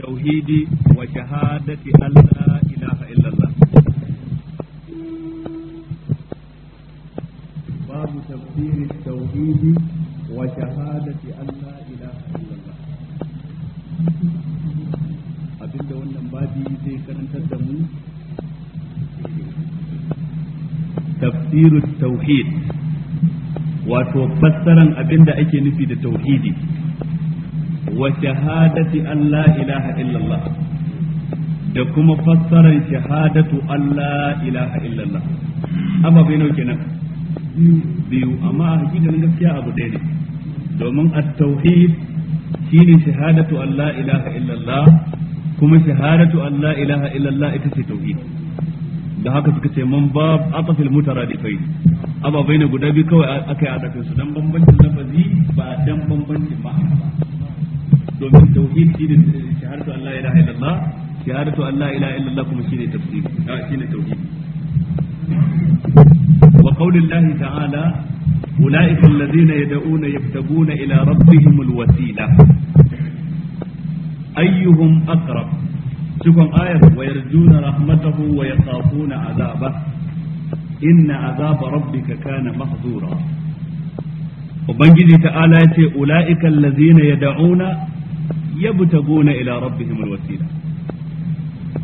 tauhidi wa shahadati alla ilaha illallah babu tafsirin tauhidi wa shahadati alla ilaha illallah abinda wannan babi zai karantar da mu tafsirut tauhid wato fassaran abinda ake nufi da tauhidi wa shahadati an la ilaha da kuma fassarar shahadatu an la ilaha illallah ababai nau kenan biyu amma a hakikalin gaskiya abu ɗaya ne domin at-tauhid shine shahadatu an la ilaha kuma shahadatu an la ilaha ita ce da haka suka ce man bab atafil mutaradifai ababai ne guda biyu kawai aka yi a su dan bambancin lafazi ba dan bambancin ba domin tauhid shine shahadatu Allah ilaha illallah shahadatu Allah ilaha illallah kuma shi shine tafsir ah, shi ne tauhid wa qaulillahi ta'ala ulaika alladhina yad'una yabtaguna ila rabbihim alwasila ayyuhum aqrab cikon ayar wa yarjuna rahmatahu wa yakhafuna azabah inna azaba rabbika kana mahzura. ubangiji ta'ala ya ce ula'ika allazina yad'una يبتغون إلى ربهم الوسيلة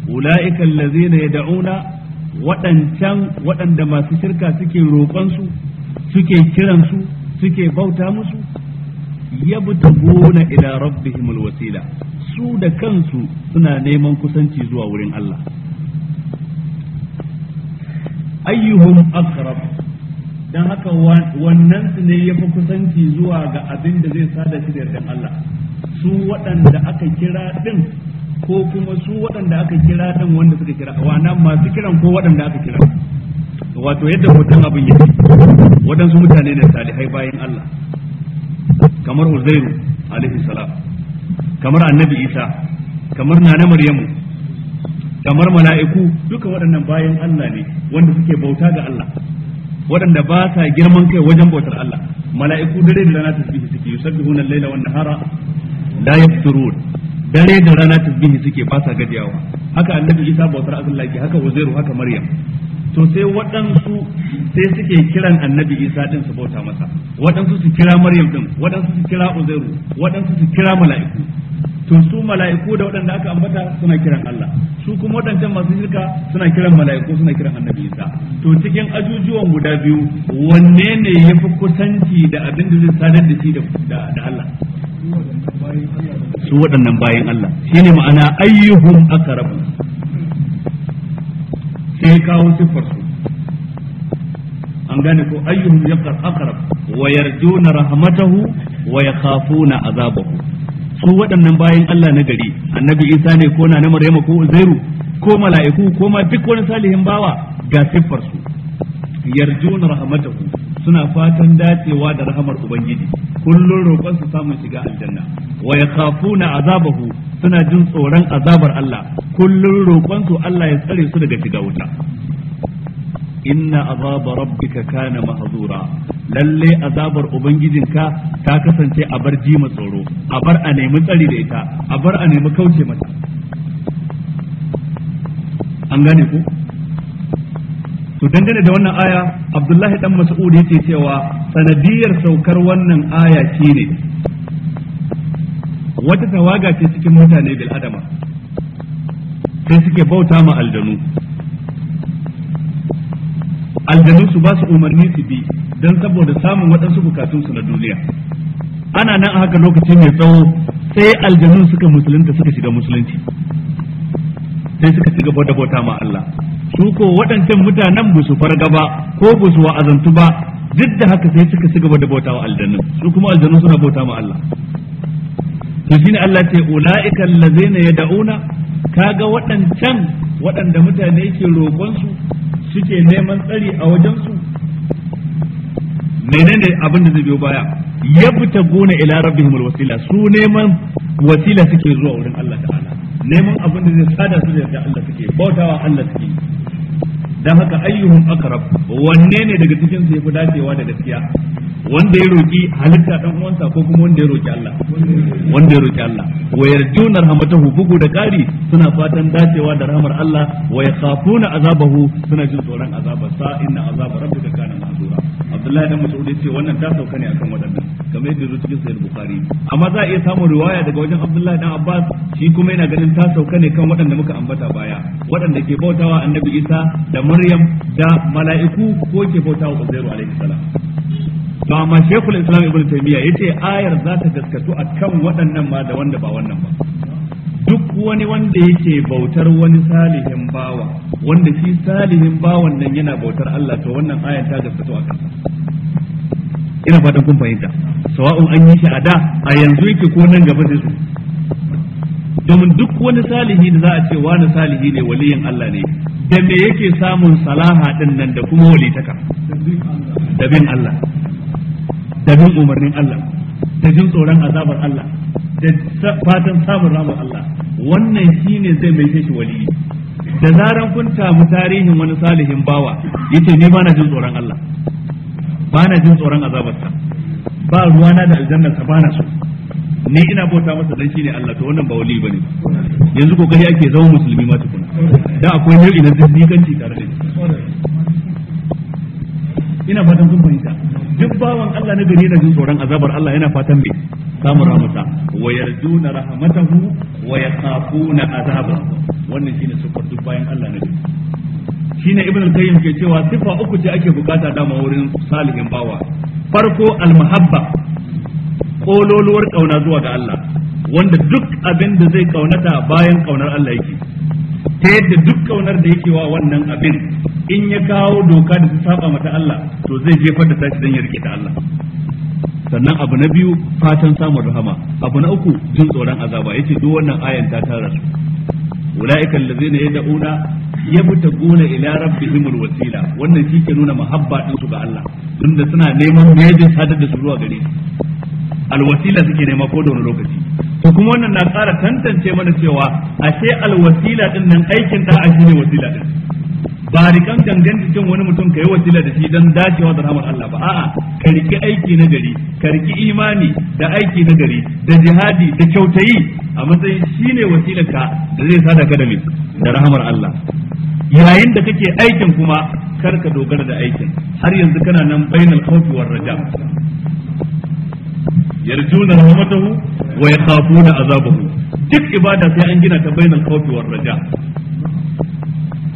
أولئك الذين يدعون waɗancan waɗanda masu shirka suke roƙonsu suke kiransu suke bauta musu yabtaguna ila rabbihim alwasila su da kansu suna neman kusanci zuwa wurin Allah Ayyuhun aqrab dan haka wannan su ne yafi kusanci zuwa ga abin da zai sada shi da yardan Allah su waɗanda aka kira ɗin ko kuma su waɗanda aka kira ɗin wanda suka kira wana masu kiran ko waɗanda aka kira wato yadda hoton abin yake waɗansu mutane ne salihai bayan Allah kamar Uzairu alaihi salam kamar Annabi Isa kamar Nana Maryamu kamar mala'iku duka waɗannan bayan Allah ne wanda suke bauta ga Allah waɗanda ba sa girman kai wajen bautar Allah mala'iku dare da rana su suke yusabbihuna al-laila wan nahara la dare da rana tasbihi suke fasa gajiyawa haka annabi isa bautar Allah laifi haka uzairu haka maryam to sai waɗansu sai suke kiran annabi isa din su bauta masa waɗansu su kira maryam din waɗansu su kira uzairu waɗansu su kira mala'iku to su mala'iku da waɗanda aka ambata suna kiran Allah su kuma waɗancan masu shirka suna kiran mala'iku suna kiran annabi Isa to cikin ajujuwan guda biyu wanne ne yafi kusanci da abin da zai sadar da shi da Allah su waɗannan bayan Allah shine ma'ana ayyuhum aqrabu sai kawo siffar su an gane ko ayyuhum yaqrab wa yarjuna rahmatahu wa yakhafuna azabahu su waɗannan bayan Allah na gari annabi Isa ne ko na Maryama ko Zairu ko mala'iku ko ma duk wani salihin bawa ga siffar su yarjuna rahmatahu suna fatan dacewa da rahamar ubangiji kullun roƙon su samun shiga aljanna wa yakhafuna azabahu suna jin tsoron azabar Allah kullun roƙon su Allah ya tsare su daga shiga wuta inna azaba rabbika kana mahzura lalle azabar ubangijinka ta kasance a bar jima tsoro a bar a nemi tsari da ita a bar a nemi kauce mata an gane ku to dangane da wannan aya abdullahi dan mas'ud yake cewa sanadiyar saukar wannan aya shine wata tawaga ce cikin mutane bil adama sai suke bauta ma aljanu aljanu su ba su umarni su bi don saboda samun waɗansu bukatunsu na duniya ana nan a haka lokaci mai tsawo sai aljanun suka musulunta suka shiga musulunci sai suka shiga bauta bauta ma Allah su ko waɗancan mutanen ba su farga ba ko ba su wa'azantu ba duk da haka sai suka shiga bauta bauta wa aljanun su kuma aljanun suna bauta ma Allah to shine Allah ce ulaika allazina yad'una kaga waɗancan waɗanda mutane ke roƙon su suke neman tsari a wajen su menene abin da zai biyo baya yabta gona ila rabbihim alwasila su neman wasila suke zuwa wurin Allah ta'ala neman abin da zai sada su da Allah suke bautawa Allah suke dan haka ayyuhum aqrab wanne ne daga cikin su yafi dacewa da gaskiya wanda ya roki halitta dan uwansa ko kuma wanda ya roki Allah wanda ya roki Allah wa yarjuna rahmatahu bugu da kari suna fatan dacewa da rahmar Allah wa yakhafuna azabahu suna jin tsoron azabar sa inna azab rabbika kana mahzura Abdullahi dan Mas'ud yace wannan ta sauka ne akan wadannan kamar yadda zuwa cikin sahih Bukhari amma za a iya samun riwaya daga wajen Abdullahi dan Abbas shi kuma yana ganin ta sauka ne kan waɗanda muka ambata baya waɗanda ke bautawa Annabi Isa da maryam da mala'iku ko ke bauta wa uzairu alaihi salam to amma shekul islam ibn taymiya yace ayar za ta gaskatu akan waɗannan ma da wanda ba wannan ba duk wani wanda yake bautar wani salihin bawa wanda shi salihin bawan nan yana bautar Allah to wannan ayar ta gaskatu akan sa ina fatan kun fahimta sawa'un an yi shi a da a yanzu yake ko nan gaba zai su domin duk wani salihi da za a ce wani salihi ne waliyin Allah ne da me yake samun salaha din nan da kuma walitaka da bin Allah da bin umarnin Allah da jin tsoron azabar Allah da fatan samun ramar Allah wannan shine zai mai shi wali da zaran kun tamu tarihin wani salihin bawa yace ni bana jin tsoron Allah Bana jin tsoron azabarsa ba ruwana da aljanna ba na so ni ina bauta masa dan shine Allah to wannan ba wali bane yanzu kokari ake zama musulmi ma tukuna da akwai nau'i na zindiganci tare da ina fatan kun fahimta duk bawan Allah na gari na jin tsoron azabar Allah yana fatan me samu rahmata wa yarjuna rahmatahu wa yakhafuna azaba wannan shine sifar duk bayan Allah na gari shine ibn al-qayyim ke cewa sifa uku ce ake bukata dama wurin salihin bawa farko al-mahabba kololuwar kauna zuwa ga Allah wanda duk abin da zai kaunata bayan kaunar Allah yake ta yadda duk kaunar da yake wa wannan abin in ya kawo doka da su saba mata Allah to zai jefar da tashi dan ya rike ta Allah sannan abu na biyu fatan samun rahama abu na uku jin tsoron azaba yace duk wannan ayan ta tara su ulaika allazina yad'una yabtaguna ila rabbihimul wasila wannan shi ke nuna mahabba din su ga Allah tunda suna neman mai sadar da su zuwa gare alwasila suke nema ko da wani lokaci to kuma wannan na ƙara tantance mana cewa ashe alwasila din nan aikin da a ne wasila din ba rikan gangan wani mutum ka yi wasila da shi don dacewa da rahmar Allah ba a'a ka riki aiki na gari ka riki imani da aiki na gari da jihadi da kyautayi a matsayin shine wasilarka da zai sada ka da mai da rahmar Allah yayin da kake aikin kuma kar ka dogara da aikin har yanzu kana nan bainal khawfi war raja yarjuna rahmatahu wa yakhafuna azabahu duk ibada sai an gina ta bainal khawfi war raja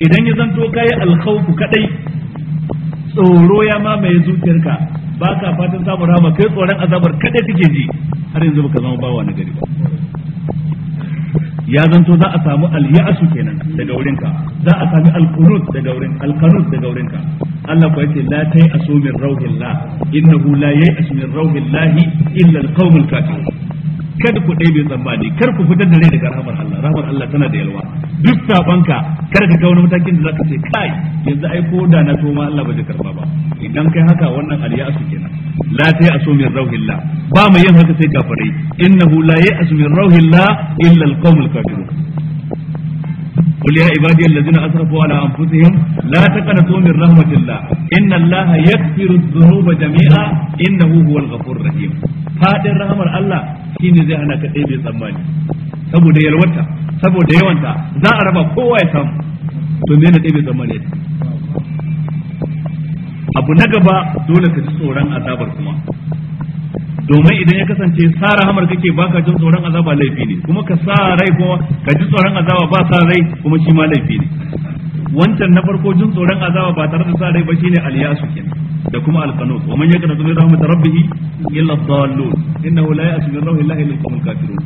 idan ya zanto kai al-khawf kadai tsoro ya mamaye zuciyarka baka fatan samun rama kai tsoron azabar kaɗai kake ji har yanzu baka zama bawa na gari ba ya zanto za a samu al-ya'su kenan daga ka za a sami al-qunut daga wurin al-qanut daga wurinka Allah ko yace la tay asu min rauhillah innahu la ya'su min rauhillah illa al-qaumul kafirun kada ku bai tsammani kar ku fitar da rai daga rahmar Allah rahmar Allah tana da yalwa duk sabanka kada ka kawo matakin da zaka ce kai yanzu ai ko da na toma Allah ba zai karba ba idan kai haka wannan aliya su kenan la ta yasu min rauhillah ba mai yin haka sai kafirai innahu la yasu min rauhillah illa alqawmul kafirun قل يا عبادي الذين اسرفوا على انفسهم لا تقنطوا من رحمه الله ان الله يغفر الذنوب جميعا انه هو الغفور الرحيم fadin rahamar Allah shine zai hana ka ɗaya tsammani saboda yalwata saboda yawanta za a raba kowa ya samu to na ɗaya bai abu na gaba dole ka ji tsoron azabar kuma domin idan ya kasance sa rahamar kake ka jin tsoron azaba laifi ne kuma ka sa rai kuma ka ji tsoron azaba ba sa rai kuma shi ma laifi ne wancan na farko jin tsoron azaba ba tare da sa rai ba shine aliyasu kin da kuma alqanut wa man yaqnatu bi rahmat rabbih illa dallun innahu la ya'su min rahmatil illa al kafirun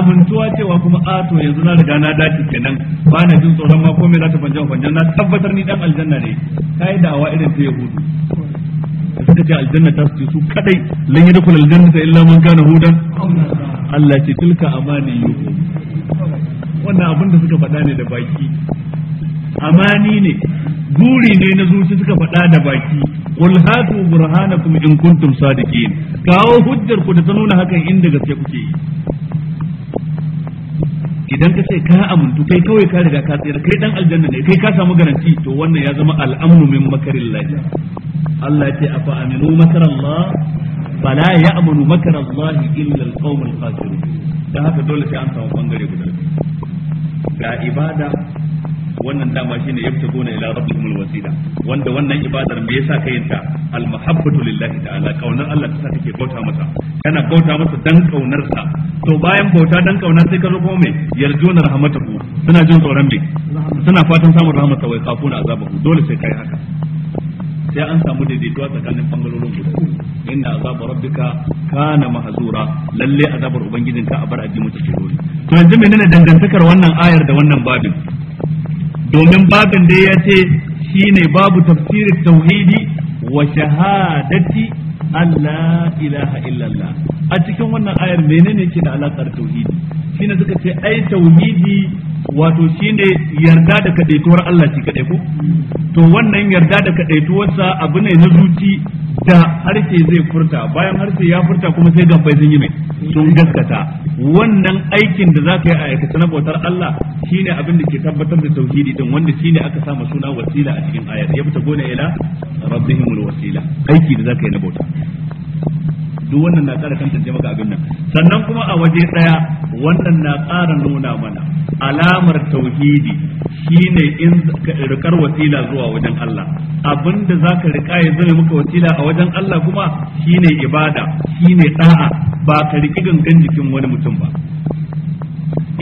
amintuwa cewa kuma ato yanzu na riga na dace kenan ba na jin tsoron ma komai za ta banjan banjan na tabbatar ni dan aljanna ne kai da'awa irin ta yahudu suka ce aljanna ta su su kadai lan aljanna ta illa man kana hudan Allah ce tilka amani amaniyu wannan abin da suka faɗa ne da baki amani ne guri ne na zuci suka faɗa da baki qul hatu burhanakum in kuntum sadiqin kawo hujjar ku da ta nuna hakan inda gaske kuke yi idan ka ce ka amintu kai kawai ka riga ka tsira kai dan aljanna ne kai ka samu garanti to wannan ya zama al'amnu min makarillahi Allah ce afa aminu makarallah fala ya'manu makarallahi illa alqawmul kasiru, dan haka dole sai an samu bangare guda ga ibada wannan dama shi ne shine yabtaguna ila rabbihimul wasila wanda wannan ibadar me yasa ka yinta al mahabbatu lillahi ta'ala kaunar Allah ta kake bauta masa kana bauta masa dan kaunar sa to bayan bauta dan kaunar sai ka zo kuma me yarjuna rahmatahu suna jin tsoron me suna fatan samun rahmatar wai kafuna azabahu dole sai kai haka sai an samu daidaituwa tsakanin bangalolin guda inna azaba rabbika kana mahzura lalle azabar ubangijinka a bar aji mutu dole to yanzu menene dangantakar wannan ayar da wannan babin domin babin da ya ce shine babu tafsirin tauhidi wa shahadati Allah ilaha illallah a cikin wannan ayar menene yake da alaƙar tauhidi shine suka ce ai tauhidi wato shine yarda da kadaituwar Allah shi kadai ko to wannan yarda da kadaituwarsa abu ne na zuci da harshe zai furta bayan harshe ya furta kuma sai gambai sun yi mai sun gaskata wannan aikin da ka yi a aikata na bautar Allah shine abin da ke tabbatar da tauhidi din wanda shine aka sa suna wasila a cikin ayar ya fita gona ila rabbihimul wasila aiki da ka yi na bauta duk wannan na ƙara kan tantance maka abin nan sannan kuma a waje ɗaya wannan na ƙara nuna mana alamar tauhidi shine in rikar wasila zuwa wajen Allah abinda zaka rika ya zama maka wasila a wajen Allah kuma shine ibada shine da'a ba ka riki gangan jikin wani mutum ba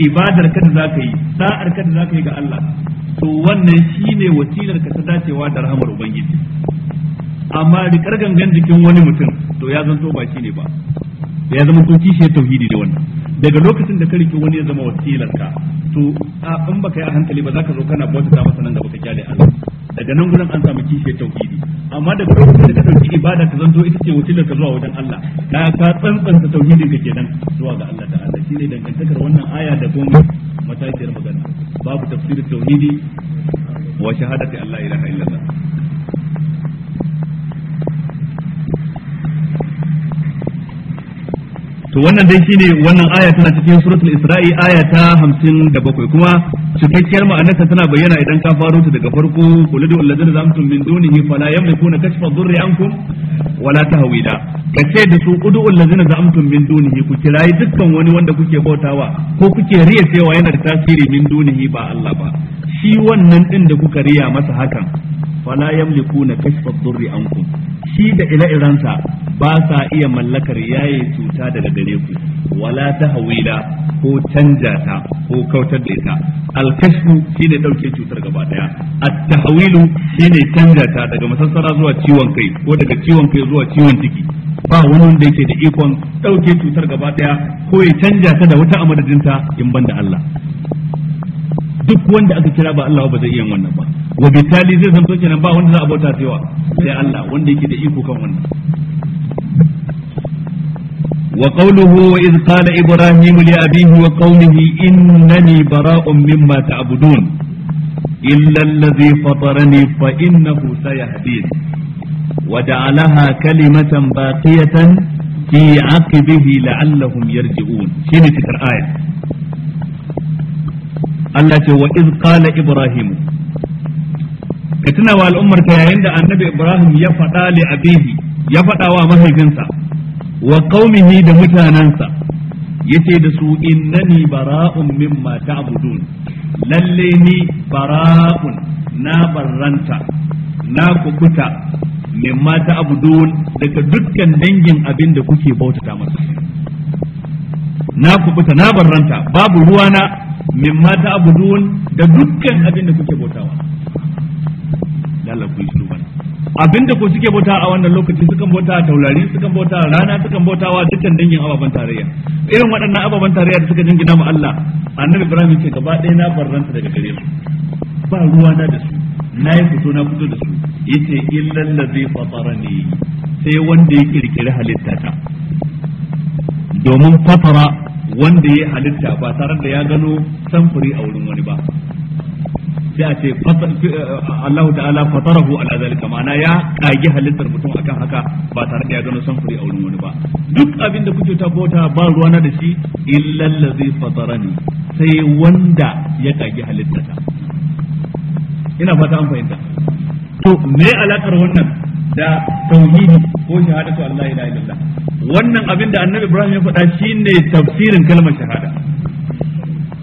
ibadar ka da zaka yi sa'ar ka da zaka yi ga Allah to wannan shine wasilar ka ta dacewa da rahmar ubangiji amma rikar gangan jikin wani mutum to ya zanto ba shine ba da ya zama kun ya tauhidi da wannan daga lokacin da ka rike wani ya zama wakilar ka to a in baka yi a hankali ba za ka zo kana bauta ta masa nan gaba ka kyale Allah daga nan gudan an samu kishiyar tauhidi amma daga lokacin da ka dauki ibada ka zanto ita ce wakilar ka zuwa wajen Allah ka ka tsantsanta tauhidin ka kenan zuwa ga Allah ta'ala shine dangantakar wannan aya da kuma matakiyar magana babu tafsirin tauhidi wa shahadati Allah ilaha illallah to wannan dai shine wannan aya tana cikin suratul isra'i aya ta 57 kuma cikakkiyar ma'anarta tana bayyana idan ka faro ta daga farko kulidu alladhina zamtum min dunihi fala yamlikuna kashfa dhurri ankum wala tahwila kace da su udu zamtum min dunihi ku kirayi dukkan wani wanda kuke bautawa ko kuke riya cewa yana da tasiri min dunihi ba Allah ba shi wannan din da kuka riya masa hakan fala yamlikuna kashfa dhurri ankum shi da ila iransa ba sa iya mallakar yaye cuta daga gare ku wala ta hawila ko canja ta ko kautar da ita alkashu shine ne ɗauke cutar gaba daya at-tahwilu shi canja ta daga masassara zuwa ciwon kai ko daga ciwon kai zuwa ciwon ciki ba wani wanda yake da ikon ɗauke cutar gaba daya ko ya canja ta da wata ta in banda Allah duk wanda aka kira ba Allah ba zai iya wannan ba wa bitali zai zanto kenan ba wanda za a bauta sai wa sai Allah wanda yake da iko kan wannan wa qawluhu wa iz qala ibrahim li abihi wa qawmihi innani bara'un mimma ta'budun illa alladhi fatarani fa innahu sayahdin وجعلها كلمة باقية في عقبه لعلهم يرجعون شنو تكر آية Allah ce wa iz qala ibrahim ka tuna wa al'ummar ka yayin da annabi ibrahim ya faɗa li abihi ya faɗa wa mahaifinsa wa qaumihi da mutanansa yace da su innani bara'un mimma ta'budun lalle ni bara'un na barranta na kukuta mimma ta'budun daga dukkan dangin abin da kuke bautata masa na kubuta na barranta babu ruwana mimma ta'budun da dukkan abin da kuke bautawa Allah ku yi sulman abin da ku suke bauta a wannan lokaci sukan bauta a taurari sukan bauta a rana sukan bauta wa dukkan dangin ababen tarayya irin waɗannan ababen tarayya da suka jingina mu Allah annabi Ibrahim ce gaba ɗaya na ranta daga gare su ba ruwa na da su na yi fito na fito da su yace illal ladzi fatarani sai wanda ya kirkiri halitta ta domin fatara wanda ya halitta ba tare da ya gano samfuri a wurin wani ba sai a ce Allah ta'ala fatarahu ala zalika ma'ana ya kage halittar mutum akan haka ba tare da ya gano samfuri a wurin wani ba duk abin da kuke ta bota ba ruwana da shi illa allazi fatarani sai wanda ya kage halittata. ina fata an fahimta to me alakar wannan da tauhidi ko shahadatu Allah ila Allah wannan abin da annabi Ibrahim ya faɗa shine tafsirin kalmar shahada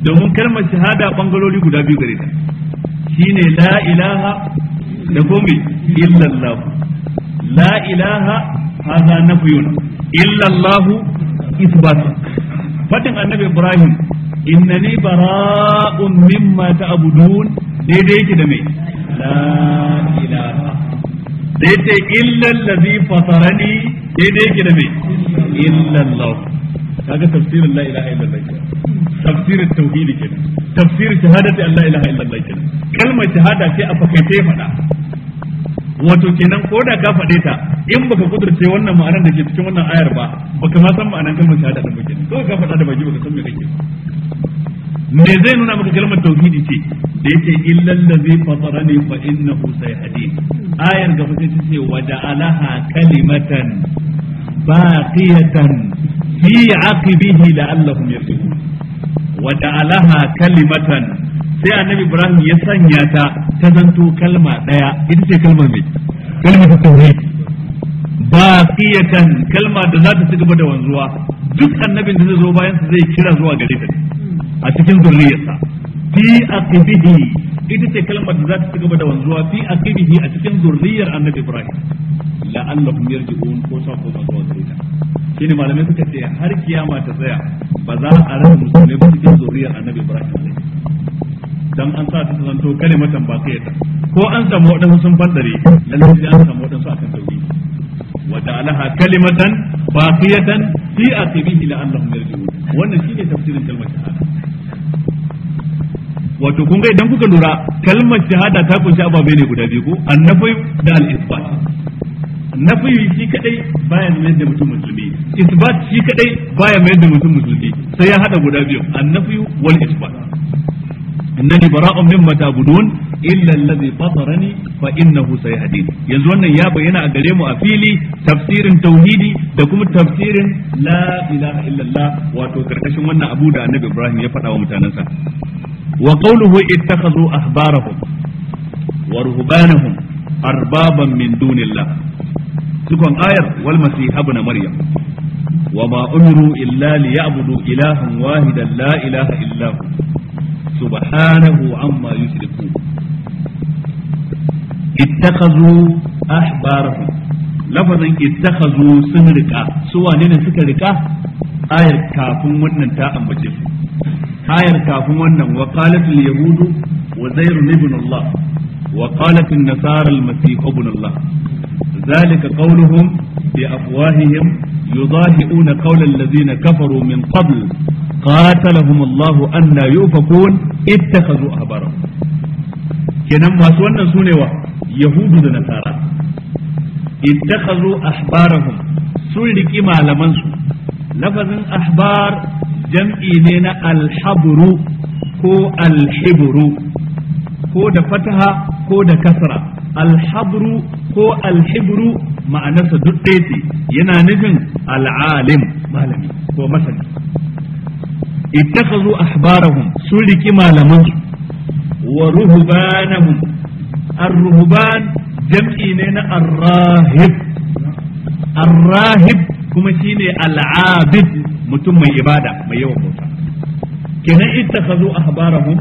domin kalmar shahada bangaloli guda biyu gare ta shine la ilaha da illa Allah la ilaha nafiyun illa Allah isbat fatin annabi Ibrahim innani bara'un mimma ta'budun daidai yake da mai la ilaha da yace illal ladhi fatarani daidai yake da me illallah kaga tafsirin la ilaha illallah tafsirin tauhid ke. tafsirin shahadati la ilaha illallah ke. kalmar shahada ce a fakaice faɗa. wato kenan ko da ka faɗe ta in baka kudurce wannan ma'anar da ke cikin wannan ayar ba baka ma san ma'anar kalmar shahada da bakin ko ka faɗa da baki baka san me kake me zai nuna maka kalmar tauhidi ce da yake illal ladzi fatarani fa innahu sayhadi ayar gaba ta ce wa da'alaha kalimatan baqiyatan fi aqibihi la'allahum yarji'un wa da'alaha kalimatan sai annabi ibrahim ya sanya ta ta zanto kalma daya ita ce kalmar me. kalmar baqiyatan kalma da za ta ci gaba da wanzuwa duk annabin da zai zo bayan sa zai kira zuwa gare ta a cikin zuriyarsa fi aqibihi ita ce kalmar da za ta ci gaba da wanzuwa fi aqibihi a cikin zuriyar annabi Ibrahim la'allahum yarji'un ko sa ko zuwa gare ta shine malamai suka ce har kiyama ta tsaya ba za a rasa musulmai ba cikin zuriyar annabi Ibrahim dan an sa ta zanto kalimatan ba kai ta ko an samu wadansu sun fadare lalle an samu wadansu akan tauhidi وجعلها كلمة باقية في آخره لعلهم يرجعون wannan شيء tafsirin kalmar shahada wato kun ga idan kuka lura kalmar shahada ta kunshi ababe ne guda biyu ko nafi da al-isbat nafi shi kadai baya mai da mutum musulmi isbat shi kadai baya mai da mutum musulmi sai ya hada guda biyu nafi wal isbat innani bara'un mimma ta'budun illa allazi fatarani fa innahu sayahdin yanzu wannan ya bayyana a gare mu a fili tafsirin tauhidi da kuma tafsirin la ilaha wato karkashin wannan abu da annabi Ibrahim ya faɗa wa mutanansa wa qawluhu ittakhadhu ahbarahum wa ruhbanahum arbaban min dunillah cikon ayar wal masiha ibn maryam وما أمروا إلا ليعبدوا إلها واحدا لا إله إلا هو سبحانه عما يشركون اتخذوا أحبارهم لفظا اتخذوا سنرقا سوى لنا سكرقا آية كافون ونن تاء بجف آية كافون ونن وقالت اليهود وزير ابن الله وقالت النصارى المسيح ابن الله ذلك قولهم بأفواههم يضاهئون قول الذين كفروا من قبل قاتلهم الله أن يؤفكون اتخذوا أحبارهم kenan masu wannan su ne wa yahudu da nasara ittakhazu ahbarahum sun riƙi malamansu. su lafazin ahbar jam'i ne na alhabru ko alhibru ko da fataha ko da kasra alhabru ko alhibru ma'anarsa duk ɗaya ce yana nufin al'alim malami ko masani ittakhadhu ahbarahum sun riki malaman wa ruhbanahum ar-ruhban jam'i ne na ar-rahib ar-rahib kuma shine al-abid mutum mai ibada mai yawan bauta kenan ittakhadhu ahbarahum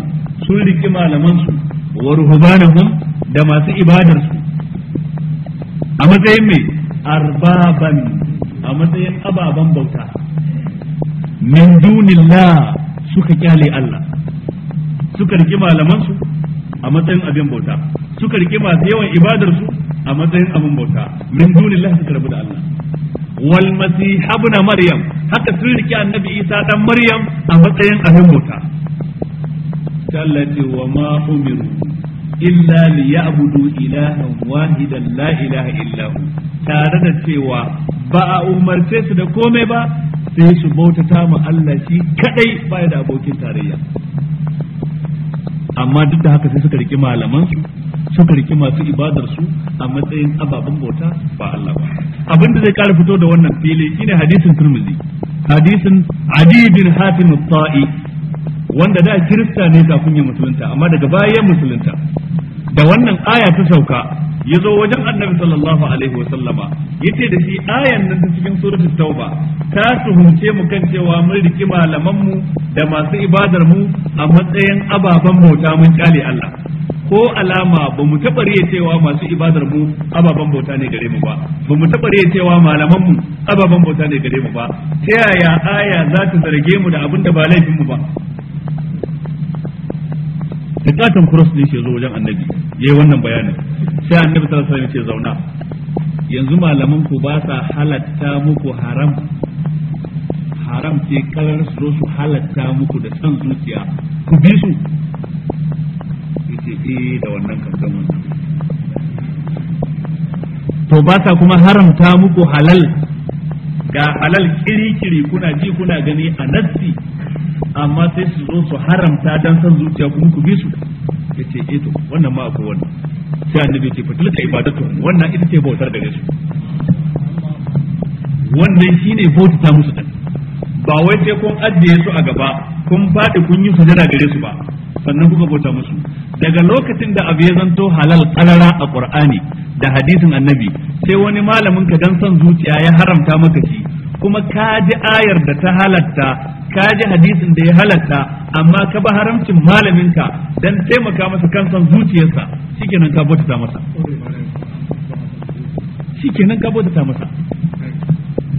sun riki malaman su wa ruhbanahum da masu ibadar su a matsayin mai arbaban a matsayin ababan bauta min dunillah suka kyale Allah suka riki malaman su a matsayin abin bauta suka riki masu yawan ibadar su a matsayin abin bauta min dunillah suka rabu da Allah wal masih ibn maryam haka sun riki annabi isa dan maryam a matsayin abin bauta Allah wa ma umiru illa li ya'budu ilahan wahidan la ilaha illa hu tare da cewa ba a umarce su da komai ba sai su bautata ma Allah shi kadai baya da abokin tarayya amma duk da haka sai suka riki malaman su suka riki masu ibadar su a matsayin ababen bauta ba Allah ba abinda zai kara fito da wannan fili shine hadisin Tirmidhi hadisin Adi bin Hatim al-Ta'i wanda da kirista ne kafin ya musulunta amma daga baya ya musulunta da wannan aya ta sauka ya zo wajen annabi sallallahu alaihi wa sallama yace da shi ayan nan ta cikin suratu tauba ta tuhumce mu kan cewa mun riki malaman mu da masu ibadar mu a matsayin ababan bauta mun kale Allah ko alama ba mu taɓa riya cewa masu ibadar mu ababen bauta ne gare mu ba ba mu taɓa riya cewa malaman mu ababan bauta ne gare mu ba ta yaya aya za ta zarge mu da abin da ba laifin mu ba da kuras cross din shi zo wajen annabi yayi wannan bayanin sai annabi sallallahu alaihi wasallam ya ce zauna yanzu malaman ku ba sa halatta muku haram haram ce kalar su zo su halatta muku da san zuciya ku bi su yace eh da wannan kankan to ba sa kuma haramta muku halal ga halal kiri-kiri kuna ji kuna gani a nassi amma sai su zo su haramta dan san zuciya kuma ku bi su yace eh to wannan ma akwai wannan sai annabi ce fa tilka ibadatu wannan ita ce bautar da su wannan shine bauta musu da ba wai sai kun ajiye su a gaba kun faɗi kun yi sujada gare su ba sannan kuka bauta musu daga lokacin da abu ya zanto halal karara a qur'ani da hadisin annabi sai wani malamin ka dan san zuciya ya haramta maka shi kuma ka ji ayar da ta halatta ka ji hadisin da ya halatta amma ka ba haramcin malaminka dan taimaka masa kansan zuciyarsa shikenan ka bauta masa shikenan ka bauta masa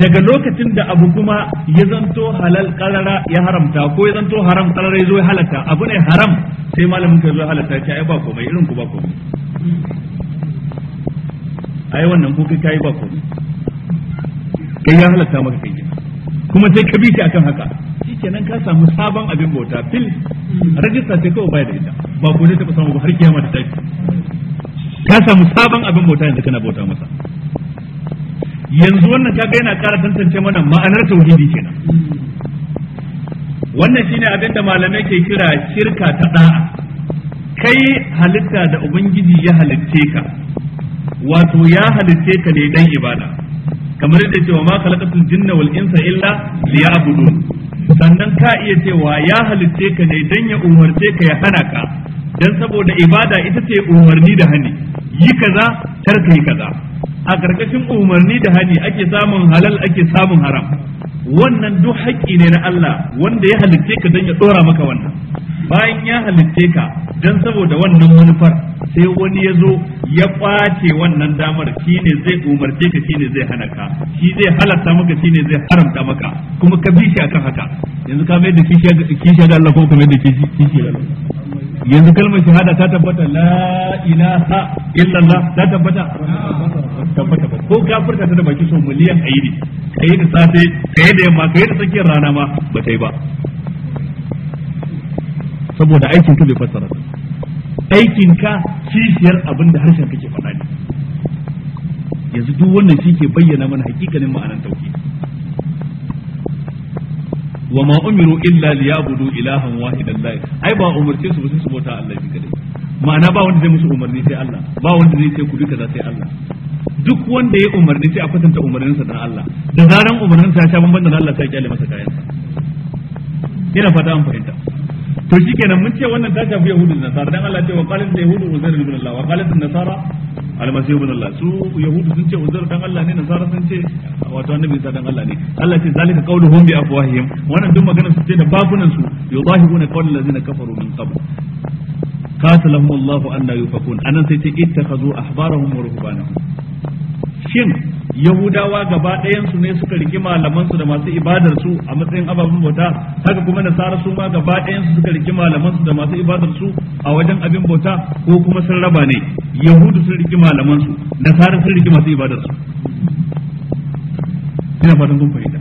daga lokacin da abu kuma ya zanto halal karara ya haramta ko ya zanto haram karara ya zo ya halatta abu ne haram sai malamin ka zo halatta ce ai ba komai irin ku ba komai ai wannan ku kai ba komai kai ya halatta maka kai gina. kuma sai ka bi shi akan haka kenan ka samu sabon abin bauta fil rajista sai kawai bai da ita ba ko zai taba samu ba har kiyama ta tafi ka samu sabon abin bauta yanzu kana bauta masa yanzu wannan kaga yana ƙara tantance mana ma'anar tauhidi kenan wannan shine abin da malamai ke kira shirka ta da'a kai halitta da ubangiji ya halitte ka wato ya halitte ka ne dan ibada kamar yadda cewa ma khalaqatul jinna wal insa illa liya'budun sannan ka iya cewa ya halitte ka ne dan ya umarce ka ya hana ka dan saboda ibada ita ce umarni da hani yi kaza kar yi kaza a karkashin umarni da hani ake samun halal ake samun haram wannan duk haƙƙi ne na Allah wanda ya halitte ka dan ya ɗora maka wannan bayan ya halitte ka dan saboda wannan manufar sai wani ya zo ya ƙwace wannan damar shine zai umarce ka shine zai hana ka shi zai halatta maka shine zai haramta maka kuma ka bi shi akan haka yanzu ka mai da kishi ga Allah ko ka mai da kishi Allah yanzu kalmar shahada ta tabbata la ilaha illallah ta tabbata tabbata ba ko kafirta ta da baki so miliyan ayi ne kai da safe kai da yamma kai da tsakiyar rana ma ba ta yi ba saboda aikin ka bai fassara aikinka kishiyar abin da harshen kake faɗa ne yanzu duk wannan shi ke bayyana mana hakikanin ma'anar tauki wa ma umiru illa liyabudu ilahan wahidan la ai ba umarce su ba su bauta Allah shi kadai ma'ana ba wanda zai musu umarni sai Allah ba wanda zai ce ku duka za sai Allah duk wanda ya umarni sai a kwatanta umarninsa da Allah da zaran umarninsa ya sha bamban da Allah sai ya kyale masa sa ina fata an fahimta to shikenan mun ce wannan ta shafi yahudu da nasara dan Allah ce wa qalat yahudu uzair ibn Allah wa qalat nasara almasih ibn Allah su yahudu sun ce uzair dan Allah ne nasara sun ce wato annabi isa dan Allah ne Allah ce zalika qauluhum bi afwahihim wannan duk magana su ce da babunan su yudahibuna qawl allazina kafaru min qabl qatalahum Allah an la yufakun anan sai ce ittakhadhu ahbarahum wa ruhbanahum shin yahudawa gaba ɗayansu ne suka riki malamansu da masu ibadarsu a matsayin ababen bauta haka kuma nasara su ma gaba ɗayansu suka riki malamansu da masu ibadarsu a wajen abin bauta ko kuma sun raba ne yahudu sun riki malamansu nasara sun riki masu ibadarsu ina fatan kun fahimta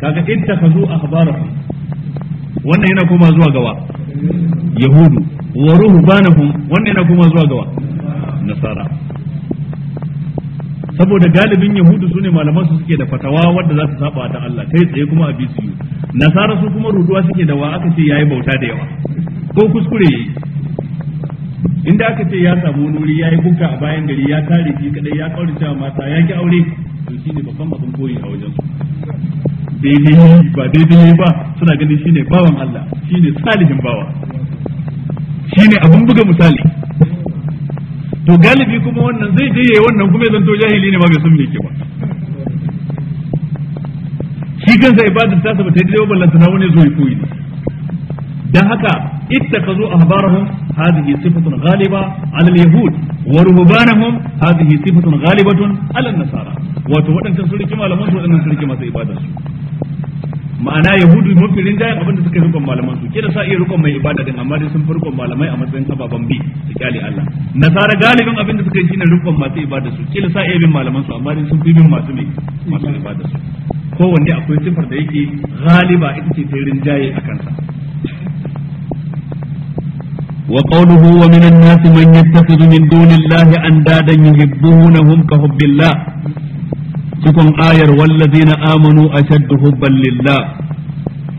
kaga a ahbarahum wannan yana koma zuwa gawa yahudu wa banahum wannan yana koma zuwa gawa nasara saboda galibin yahudu sune malaman su suke da fatawa wadda za su saba da Allah kai tsaye kuma a bisu nasara su kuma ruduwa suke da wa aka ce yayi bauta da yawa ko kuskure inda aka ce ya samu nuri ya yi a bayan gari ya tare shi kadai ya kauri cewa mata ya ki aure to shi ne babban abin koyi a wajen daidai ba daidai ba suna ganin shine bawan Allah shine salihin bawa shine abin buga misali to galibi kuma wannan zai je yayi wannan kuma zan to jahili ne ba bai san me ba shi kansa ibadar ta ba ta yi dawo ballanta na wani zo ya koyi dan haka ittakazu ahbarahum hadhihi sifatun ghaliba ala alyahud wa ruhbanahum hadhihi sifatun ghalibatun ala an-nasara wato wadannan sun rike malaman su wadannan sun rike masu ibadar su ma'ana yahudu mafi rinjayen abinda suka rukon malaman su kira sa iya rukon mai ibada din amma dai sun fi rukon malamai a matsayin ababen bi su kyale Allah nasara galibin abinda suka yi shine rukon masu ibada su kila sa iya bin malaman su amma dai sun fi bin masu mai masu ibada su kowanne akwai sifar da yake galiba ita ce ta rinjaye a kansa qawluhu wa minan nasi man yattakhidhu min dunillahi andadan yuhibbunahum ka hubbillah cikin ayar wallazina amanu ashaddu hubban lillah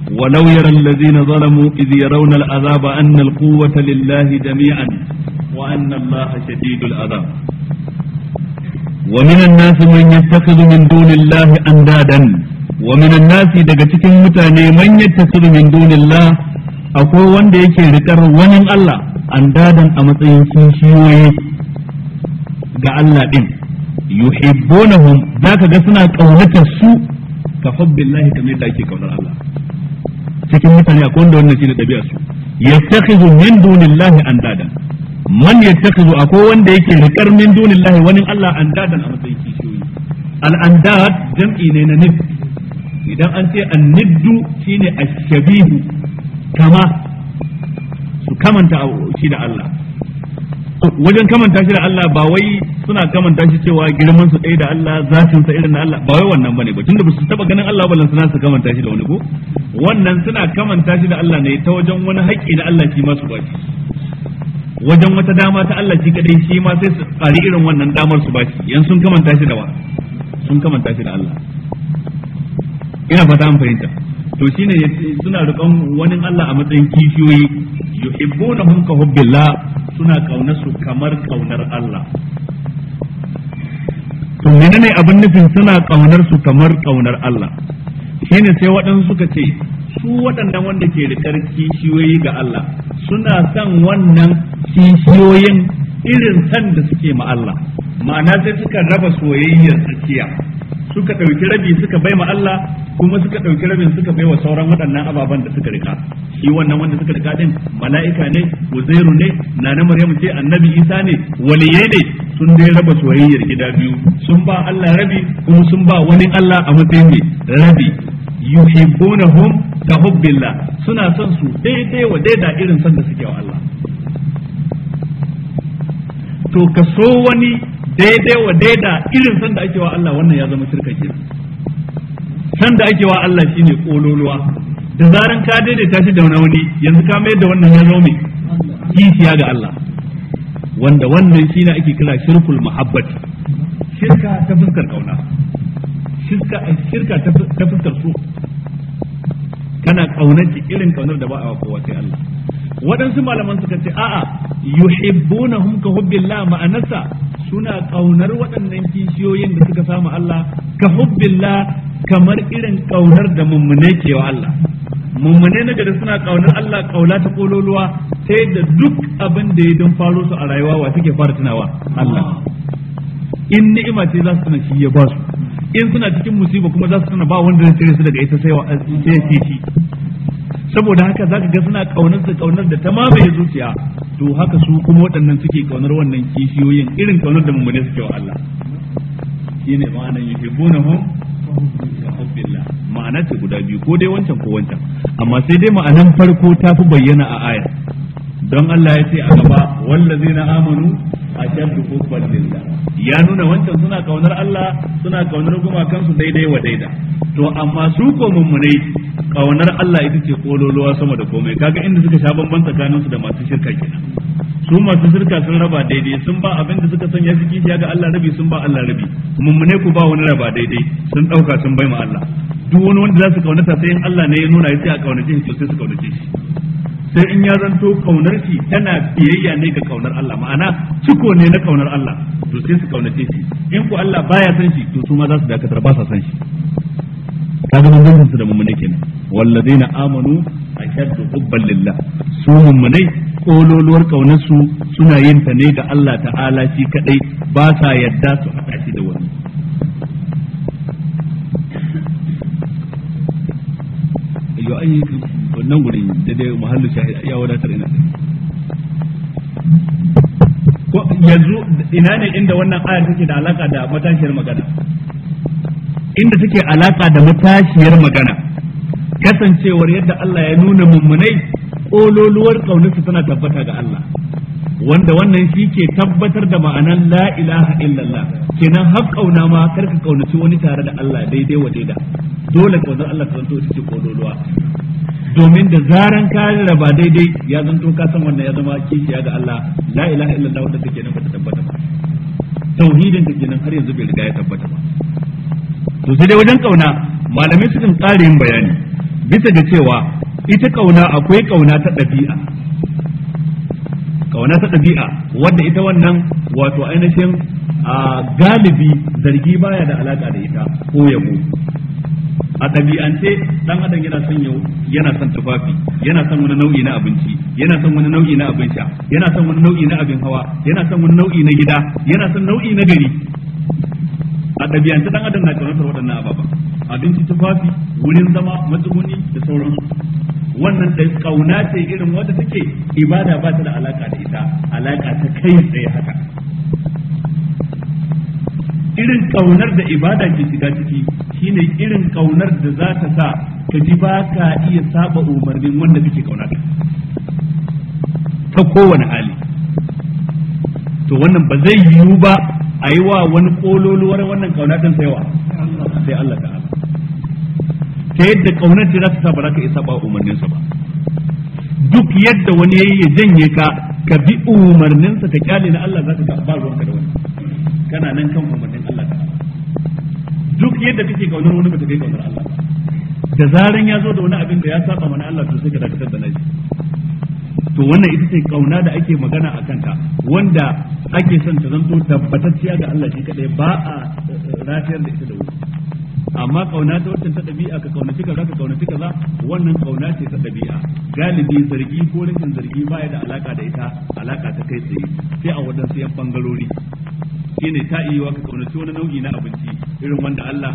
ولو يرى الذين ظلموا إذ يرون العذاب أن القوة لله جميعا وأن الله شديد العذاب ومن الناس من يتخذ من دون الله أندادا ومن الناس daga cikin mutane manyan yattasiru min dunillah akwai wanda yake rikar wani Allah andadan a matsayin kishiyoyi ga Allah ɗin. yuhibbunahum zaka ga suna kaunatar su ka hubbillahi kamar yadda ake kaunar Allah cikin mutane akwai wanda wannan shine dabi'a su yattakhidhu min dunillahi andada man yattakhidhu akwai wanda yake rikar min dunillahi wani Allah andadan a matsayin kishiyoyi al andad jam'i ne na nid idan an ce anniddu shine ashabihu kama su kamanta shi da Allah wajen kamanta shi da Allah ba wai suna kamanta shi cewa girman su da Allah zatin sa irin na Allah ba wai wannan bane ba tunda ba su taba ganin Allah lan suna su kamanta shi da wani ko wannan suna kamanta shi da Allah ne ta wajen wani haƙƙi da Allah shi ma su shi? wajen wata dama ta Allah shi kadai shi ma sai su ƙari irin wannan damar su shi yan sun kamanta shi da wa sun kamanta shi da Allah ina fata an fahimta to shine suna rikon wani Allah a matsayin kishiyoyi yuhibbunahum ka hubbillah suna kaunar su kamar kaunar Allah to menene abin nufin suna kaunar su kamar kaunar Allah shine sai waɗansu suka ce su waɗannan wanda ke rikar kishiyoyi ga Allah suna son wannan kishiyoyin irin san da suke ma Allah ma'ana sai suka raba soyayyar tsakiya suka ɗauki rabi suka bai ma Allah kuma suka ɗauki rabin suka bai wa sauran waɗannan ababen da suka rika shi wannan wanda suka rika din mala'ika ne uzairu ne nana maryamu ce annabi isa ne waliyai ne sun dai raba soyayyar gida biyu sun ba Allah rabi kuma sun ba wani Allah a matsayin rabi yuhibbunahum ka hubbillah suna son su daidai wa daida irin son da suke wa Allah to ka so wani daidai wa daida irin son da ake wa Allah wannan ya zama shirka ke san da ake wa Allah shine kololuwa da zaran ka daidaita shi da wani yanzu ka mai da wannan ya zama mai kishiya ga Allah wanda wannan shine ake kira shirkul muhabbati shirka ta fuskar kauna shirka ta fuskar su kana kaunar ki irin kaunar da ba a kowa sai Allah waɗansu malaman suka ce a'a yuhibbunahum ka hubbillah ma'anarsa suna kaunar waɗannan kishiyoyin da suka samu Allah ka hubbillah kamar irin kaunar da mummune ke wa Allah mummune na gari suna kaunar Allah kaula ta kololuwa sai da duk abin da ya don faro su a rayuwa wa suke fara tunawa Allah in ni'ima ce za su tuna shi ya ba su in suna cikin musiba kuma za su tana ba wanda zai su daga ita sai sai shi saboda haka za ka ga suna kaunar da kaunar da ta mamaye zuciya to haka su kuma waɗannan suke kaunar wannan kishiyoyin irin kaunar da mummune suke wa Allah shine ma'anar yuhibbunahum ka hubbillah ma'ana ce guda biyu ko dai wancan ko wancan amma sai dai ma'anar farko ta fi bayyana a aya don Allah ya ce a gaba wallazina amanu ashaddu hubban lillah ya nuna wancan suna kaunar Allah suna kaunar gumakansu daidai wa daida to amma su ko mummunai kaunar Allah ita ce kololuwa sama da komai kaga inda suka sha bamban tsakanin su da masu shirka kenan su masu shirka sun raba daidai sun ba abin da suka sanya su kishiya ga Allah rabi sun ba Allah rabi mummune ku ba wani raba daidai sun dauka sun bai ma Allah duk wani wanda za su kaunata sai in Allah ne ya nuna ya ce a kaunace shi to sai su kaunace shi sai in ya zanto kaunar shi tana biyayya ne ga kaunar Allah ma'ana ciko ne na kaunar Allah to sai su kaunace shi in ko Allah baya san shi to su ma za su dakatar ba sa san shi kaga nan gurbin su da mummune kenan na amanu ashaddu hubban lillah su mummune kololuwar kaunar su suna yin ta ne ga Allah ta'ala shi kadai ba sa yadda su hada shi da wani yo yi wannan gurin da dai muhallu shahid ya wadatar ina ko yanzu ina ne inda wannan ayar take da alaka da matashiyar magana inda take alaka da matashiyar magana kasancewar yadda Allah ya nuna mummunai ƙololuwar kaunarsa tana tabbata ga Allah wanda wannan shi ke tabbatar da ma'anan la ilaha illallah kenan har kauna ma kar ka kaunaci wani tare da Allah daidai wa daida dole kaunar Allah ta zanto ke ce kololuwa domin da zaran ka raba daidai ya zanto ka san wannan ya zama kishiya ga Allah la ilaha illallah wanda take nan bata tabbata ba tauhidin da kenan har yanzu bai riga ya tabbata ba to sai dai wajen kauna malamai sukan tsara yin bayani bisa da cewa ita kauna akwai kauna ta ɗabi'a kauna ta ɗabi'a wadda ita wannan wato ainihin a galibi zargi baya da alaka da ita ko yabo a ɗabi'ance ɗan adam yana son yau yana son tufafi yana son wani nau'i na abinci yana son wani nau'i na abin sha yana son wani nau'i na abin hawa yana son wani nau'i na gida yana son nau'i na gari a ɗabi'ance ɗan adam na kaunatar waɗannan ababa abinci tufafi wurin zama matsuguni da sauransu wannan da kauna ce irin wanda take ibada ba ta da alaka da ita alaka ta kai tsaye haka irin kaunar da ibada ke shiga ciki shine irin kaunar da za ta sa ka ji ba ka iya saba umarnin wanda kake kauna ta kowane hali to wannan ba zai yiwu ba a yi wa wani kololuwar wannan kauna sai sai Allah ta ta yadda kaunar ta za ta sa ba za ka isa ba umarninsa ba duk yadda wani yayi ya janye ka ka bi umarninsa ka kyale na Allah za ka ga ba ruwanka da wani kana nan kan umarnin Allah duk yadda kake kaunar wani ba ta kai kaunar Allah da zaran ya zo da wani abin da ya saba mana Allah to sai ka dakatar da nashi to wannan ita ce kauna da ake magana a kanta wanda ake son ta zanto tabbatacciya ga Allah shi kadai ba a eh, eh, rafiyar da ita da wuri amma kauna ta wacce ta dabi'a ka kaunaci kaza ka kaunaci kaza wannan kauna ce ta dabi'a galibi zargi ko rashin zargi ba ya da alaka da ita alaka ta kai tsaye sai a wadansu yan bangarori ne ta iya ka kaunaci wani nau'i na abinci irin wanda Allah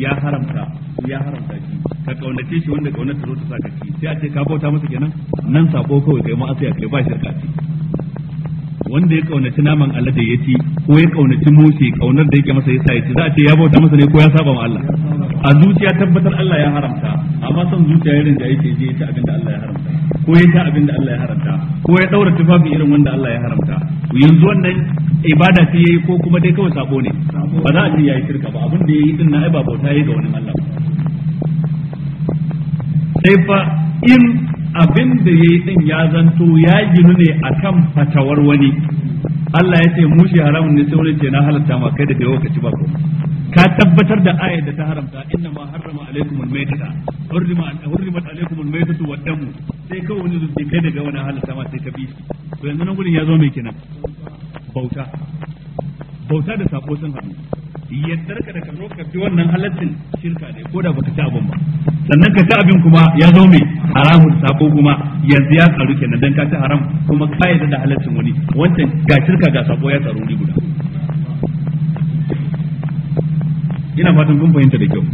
ya haramta ya haramta shi ka kaunace shi wanda kaunar ta zo ta saka shi sai a ce ka bauta masa kenan nan sako kawai kai ma a kai ba da ce wanda ya kaunaci naman alade ya ci ko ya kaunaci Mose kaunar da yake masa yasa ya ci za a ce ya bauta masa ne ko ya saba wa Allah a zuciya tabbatar Allah ya haramta amma son zuciya irin da yake je ya ci abinda Allah ya haramta ko ya ci abinda Allah ya haramta ko ya daura tufafi irin wanda Allah ya haramta yanzu wannan ibada ce yayi ko kuma dai kawai sabo ne ba za a ce yayi shirka ba abin da yayi din na ai ba bauta yayi ga wani Allah sai fa in abin da ya yi ɗin ya zanto ya ginu ne a kan fatawar wani Allah ya ce mushi haramun ne sai wani ce na halatta ma kai da yau ka ci ba ka tabbatar da ayat da ta haramta inna ma harrama alaikum almaytata hurrima hurrimat alaikum almaytatu wa damu sai kawai wani zuci kai daga wani halatta ma sai ka bi to yanzu nan gudun ya zo mai kenan bauta bauta da sako sun haɗu yaddar ka da zo ka fi wannan halaccin shirka ne ko da baka ci abin ba sannan ka ci abin kuma ya zo mai haramun sako kuma yanzu ya karu kenan dan ka ci haram kuma ka da halaccin wani wancan ga shirka ga sako ya tsaro guda ina fatan kun fahimta da kyau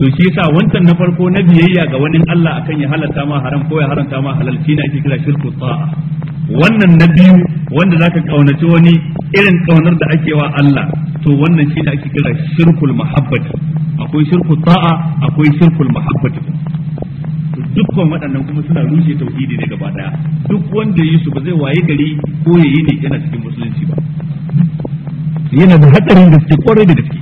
to shi yasa wancan na farko na biyayya ga wani Allah akan ya halatta ma haram ko ya haramta ma halal shine ake kira shirku ta'a wannan na biyu wanda zaka kaunaci wani irin kaunar da ake wa Allah to wannan shi ne ake kira shirkul mahabbati akwai shirku ta'a akwai shirkul mahabbati dukkan waɗannan kuma suna rushe tauhidi ne gaba daya duk wanda yi su ba zai waye gari ko ya yi ne yana cikin musulunci ba yana da hadarin gaske kwarai da gaske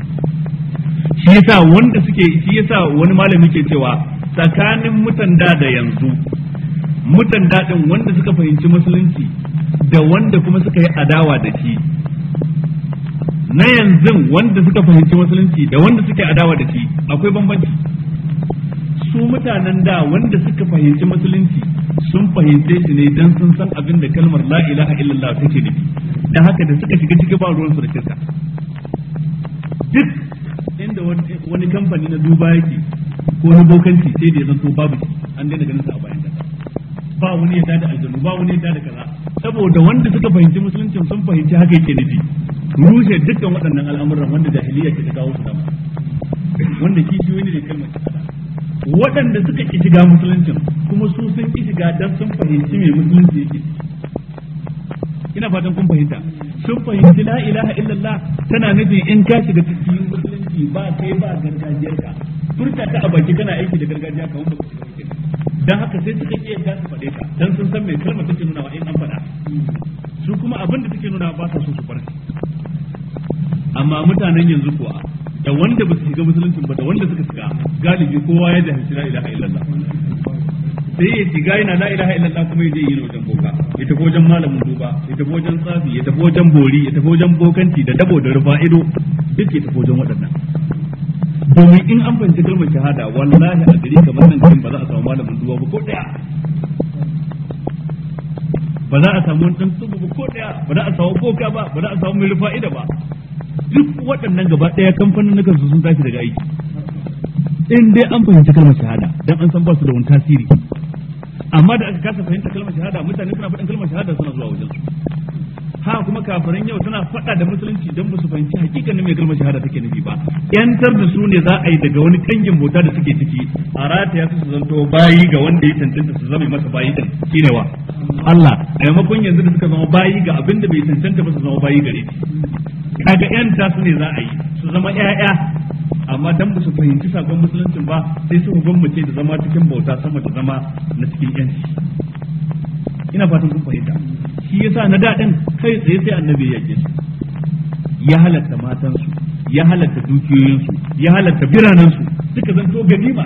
shi yasa wanda suke shi yasa wani malami ke cewa tsakanin mutan da da yanzu mutan dadin wanda suka fahimci musulunci da wanda kuma suka yi adawa da shi na yanzu wanda suka fahimci musulunci da wanda suke adawa da shi akwai bambanci su mutanen da wanda suka fahimci musulunci sun fahimce shi ne don sun san abin da kalmar la ilaha illallah take nufi dan haka da suka shiga cikin ba ruwan su da duk inda wani kamfani na duba yake ko na bokanci sai da ya zanto babu an daina ganin sa a bayan ba wani ya da aljanu ba wani ya da kaza saboda wanda suka fahimci musuluncin sun fahimci haka yake nufi rushe dukkan waɗannan al'amuran wanda jahiliya ke ta kawo su dama wanda wani ne da kalmar waɗanda suka ki shiga musuluncin kuma su sun ki shiga dan sun fahimci mai musulunci yake ina fatan kun fahimta sun fahimci la ilaha illallah tana nufin in ka shiga cikin musulunci ba kai ba gargajiyarka furta ta a baki kana aiki da gargajiya kamar ba ku shiga dan haka sai suka iya ta su faɗe ta dan sun san mai kalmar take nuna wa in an faɗa su kuma abin da take nuna ba sa so su bar amma mutanen yanzu kuwa da wanda ba su shiga musulunci ba da wanda suka shiga galibi kowa ya jahilci la ilaha illallah sai ya shiga yana la ilaha illallah kuma ya je yi wajen boka ya tafi wajen malamin duba ya tafi wajen tsafi ya tafi wajen bori ya tafi wajen bokanci da dabo da rufa ido duk ya tafi wajen waɗannan domin in an fahimci kalmar shahada wallahi a gari kamar nan cikin ba za a samu malamin duwa ba ko daya ba za a samu wani dan tsubu ba ko daya ba za a samu boka ba ba za a samu mai rufa'ida ba duk waɗannan gaba daya kamfanin kansu sun tashi daga aiki in dai an fahimci kalmar shahada dan an san ba su da wani tasiri amma da aka kasa fahimta kalmar shahada mutane suna faɗin kalmar shahada suna zuwa wajen su ha kuma kafiran yau suna faɗa da musulunci don ba su fahimci hakikanin mai kalmar shahada take nufi ba yantar da su ne za a yi daga wani kangin bota da suke ciki a rata ya su zanto bayi ga wanda ya cancanta su zama masa bayi din shine wa Allah a maimakon yanzu da suka zama bayi ga abin da bai cancanta ba su zama bayi gare kaga yanta su ne za a yi su zama 'ya'ya? amma dan ba su fahimci sakon musuluncin ba sai su ce da zama cikin bauta sama da zama na cikin yanci ina fatan kun fahimta shi yasa na daɗin kai tsaye sai annabi ya yake su ya halatta matansu ya halatta dukiyoyinsu ya halatta biranensu suka zanto ganima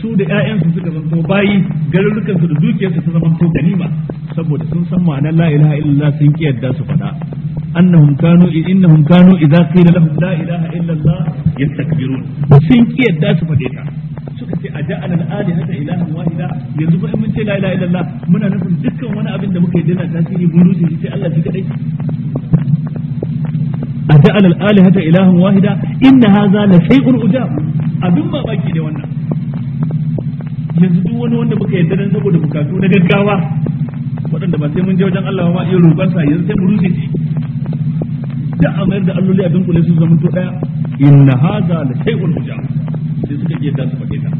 su da ƴaƴansu suka zanto bayi su da dukiyarsu su zanto ganima saboda sun san ma'ana la ilaha illallah sun ki yadda su faɗa annahum kanu innahum kanu idza qila lahum la ilaha illallah yastakbirun sun ki yadda su faɗe ta suka ce aja'al al-ali hada ilahan wahida yanzu ba mun ce la ilaha illallah muna nufin dukkan wani abin da muka yi dana tasiri mun rufe sai Allah shi kadai aja'al al-alihata ilahan wahida inna hadha la shay'un ujab abin baki ne wannan yanzu duk wani wanda muka yarda dan saboda bukatu na gaggawa waɗanda ba sai mun je wajen Allah ba iya roƙar sa yanzu sai mu rufe shi da amir da alloli abin kula su zama to daya inna hadha la shay'un ujab sai suka iya da su faɗe ta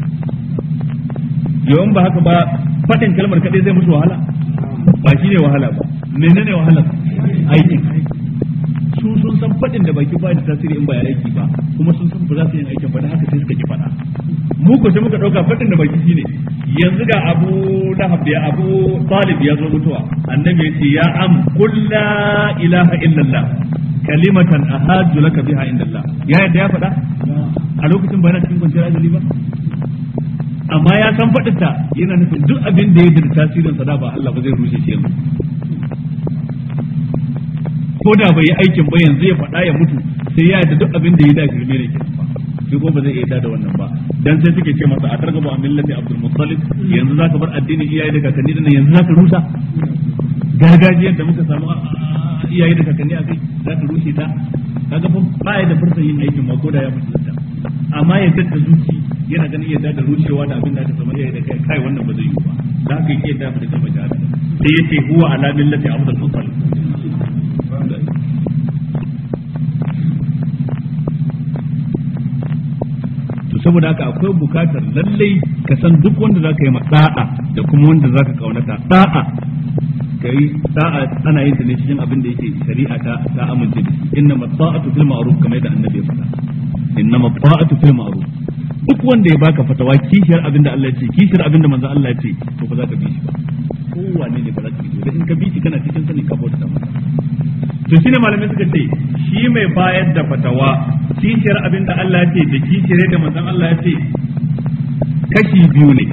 yawan ba haka ba faɗin kalmar kaɗai zai musu wahala ba shi ne wahala ba menene wahala aikin su sun san faɗin da baki ba da tasiri in ba ya aiki ba kuma sun san ba za su yi aikin ba da haka sai suka ki faɗa mu ko sai muka ɗauka faɗin da baki shine yanzu ga abu lahab ya abu talib ya zo mutuwa annabi ya ce ya am kullu ilaha illallah kalimatan ahadu laka biha inda Allah ya yadda ya faɗa a lokacin bayan cikin kwanciyar ajali ba amma ya san ta yana nufin duk abin da ya da tasirin sada ba Allah ba zai rushe shi yanzu ko da bai yi aikin ba yanzu ya faɗa ya mutu sai ya yadda duk abin da ya da firme ne shi ko ba zai iya da wannan ba dan sai suke ce masa a targaba a millati abdul muttalib yanzu zaka bar addinin iyaye da kakanni din yanzu zaka rusa gargajiyar da muka samu iyaye da kakanni a kai zaka rushe ta kaga fa ba ya da fursa yin aikin ma ko da ya da amma ya dadda zuci yana ganin yadda da rushewa da abin da aka samu iyaye da kai kai wannan ba zai yi ba za ka yi yadda da kalmar shahada sai yace huwa ala millati abdul muttalib saboda haka akwai bukatar lallai ka san duk wanda za ka yi ma da'a da kuma wanda za ka kaunata da'a kai da'a ana yin ta ne cikin abin da yake shari'a ta ta amince inna mata'atu fil ma'ruf kamar da annabi ya faɗa inna mata'atu fil ma'ruf duk wanda ya baka fatawa kishiyar abin da Allah ya ce kishiyar abin da manzo Allah ya ce to ba za ka bi shi ba kowane ne ba za ka bi shi in ka bi shi kana cikin sani ka bauta masa to shine malamai suka ce shi mai bayar da fatawa kishiyar abin da Allah ya ce da kishiyar da manzo Allah ya ce kashi biyu ne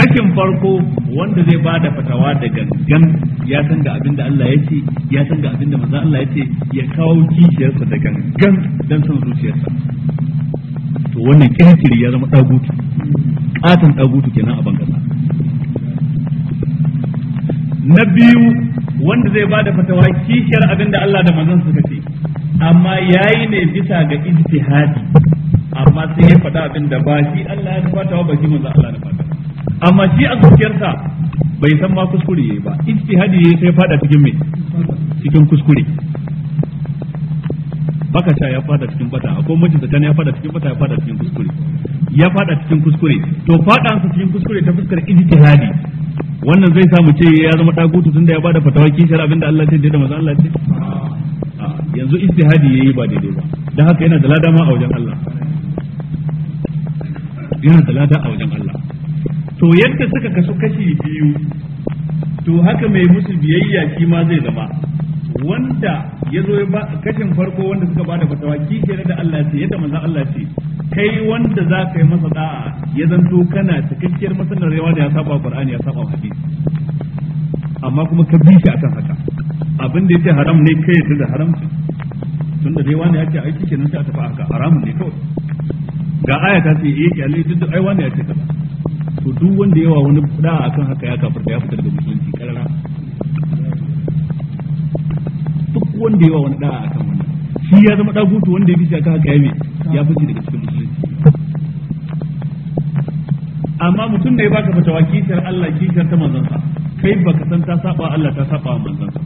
kashin farko wanda zai ba da fatawa da gangan ya san da abin da Allah ya ce ya san da abin da manzo Allah ya ce ya kawo kishiyarsa da gangan dan son zuciyarsa to wannan kirkiri ya zama dagutu katon dagutu kenan a bangasa na biyu wanda zai bada fatawa kishiyar abinda Allah da manzon suka ce amma yayi ne bisa ga ijtihadi amma sai ya faɗa abinda ba shi Allah ya fata ba shi manzon Allah ya fata amma shi a zuciyarsa bai san ma kuskure ba, ba ijtihadi ya sai fada cikin me cikin kuskure baka ta ya fada cikin bata akwai mace ta ya fada cikin bata ya fada cikin kuskure ya fada cikin kuskure to fada su cikin kuskure ta fuskar ijtihadi wannan zai samu ce ya zama dagutu tunda ya bada fatawa kishar abinda Allah ce da manzo Allah ce yanzu ijtihadi yayi ba daidai ba dan haka yana da lada ma a wajen Allah yana da lada a wajen Allah to yadda suka kasu kashi biyu to haka mai musu biyayya shi ma zai zama wanda ya zo ba kashin farko wanda suka bada fatawa ki ke da Allah ce yadda manzo Allah ce kai wanda za ka yi masa da'a ya zanto kana cikakkiyar masallar rewa da ya saba Qur'ani ya saba hadisi amma kuma ka bi shi akan haka abin da yake haram ne kai yadda haram haramci tunda dai ne ya ce aiki kenan sai a tafi haka haram ne kawai ga aya ta ce eh kyale duk ai wani ya ce kaza to duk wanda yawa wani da'a akan haka ya kafirta ya fitar da musulunci karara wanda yawa wani da'a akan wani shi ya zama dagutu wanda ya fi shaka haka yame ya fi daga cikin musulunci amma mutum da ya baka fatawa kishar Allah kishar ta manzansa kai baka san ta saba Allah ta saba manzansa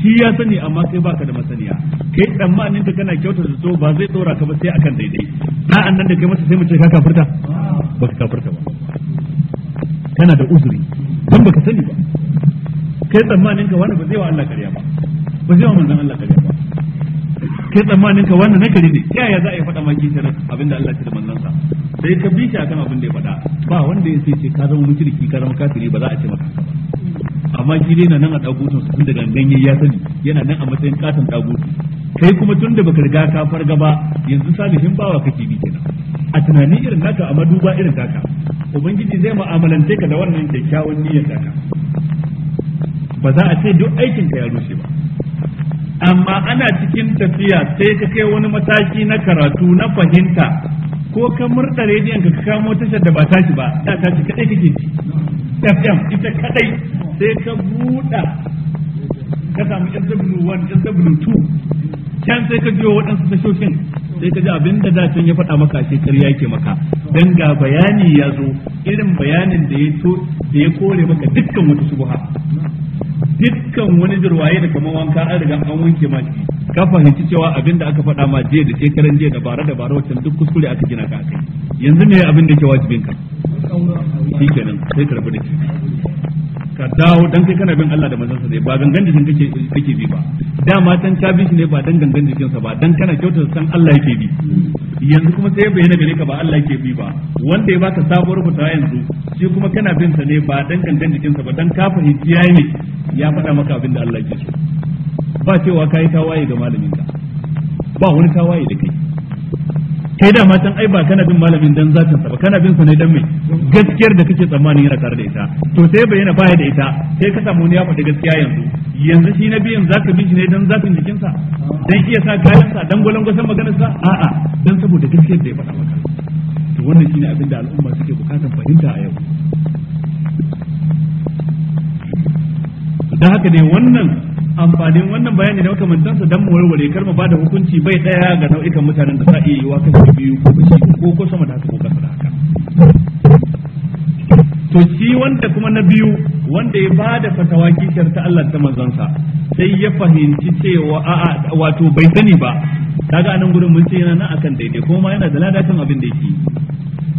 shi ya sani amma kai baka da masaniya kai tsammanin ka kana kyauta da so ba zai dora ka ba sai akan daidai da'an nan da kai masa sai mu ce ka kafirta ka kafirta ba kana da uzuri don baka sani ba kai tsammanin ka wani ba zai wa Allah kariya ba ba zai wa manzon Allah kare ba Ke tsammanin ka wannan nakari ne yaya za a yi faɗa maki ta abinda Allah ya ce da manzon sa sai ka bi shi akan abin da ya faɗa ba wanda ya sai ce ka zama mushriki ka zama kafiri ba za a ce maka amma shi dai na nan a dagutun su tun daga gangan ya sani yana nan a matsayin katon dagutu kai kuma tun da baka riga ka farga ba yanzu salihin bawa kake bi kina. a tunani irin naka amma duba irin taka ubangiji zai mu'amalance ka da wannan kyakkyawan niyyar taka ba za a ce duk aikin ka ya rushe ba amma ana cikin tafiya sai ka kai wani mataki na karatu na fahimta ko ka murda rediyon ka kamo tashar da ba tashi ba da tashi kadai kake ci fm ita kadai sai ka buɗa ka samu sw1 sw2 can sai ka biyo waɗansu tashoshin sai ka ji abin da dacin ya faɗa maka shi ƙarya yake maka dan ga bayani ya zo irin bayanin da ya kore maka dukkan wata subuha dukkan wani jirwaye da kuma wanka an riga an wanke ma shi ka fahimci cewa abin da aka faɗa ma jiya da shekaran jiya dabara-dabara da duk kuskure aka gina ka akai yanzu ne abin da ke wajibin ka kenan sai karbi da shi ka dawo dan kai kana bin Allah da manzon sa ne ba gangan jikin kake kake bi ba dama tan ka bi shi ne ba dan gangan jikin sa ba dan kana kyautar san Allah yake bi yanzu kuma sai bayyana gare ka ba Allah yake bi ba wanda ya baka sabuwar fita yanzu shi kuma kana bin sa ne ba dan gangan jikin sa ba dan ka fahimci yayi ne ya faɗa maka abin da Allah yake so ba cewa kai tawaye ga malamin ka ba wani tawaye da kai kai da matan ai ba kana bin malamin dan zatin sa ba kana bin sa ne dan mai gaskiyar da kake tsammanin yana tare da ita to sai bayyana ya da ita sai ka samu ne ya faɗi gaskiya yanzu yanzu shi na biyan zaka bi shi ne dan zatin jikin sa dan iya sa kayan sa dan gwalan maganar sa a'a dan saboda gaskiyar da ya faɗa maka to wannan shine abin da al'umma suke bukatan fahimta a yau dan haka ne wannan amfanin wannan bayani da makamantansa dan warware kar mu ba da hukunci bai daya ga nau'ikan mutanen da za a iya yiwa kashi biyu ko kashi ko ko sama da haka ko haka to shi wanda kuma na biyu wanda ya ba da fatawa kishiyar ta Allah ta manzansa sai ya fahimci cewa a'a wato bai sani ba kaga anan gurin mun ce yana nan akan daidai kuma yana da ladatin abin da yake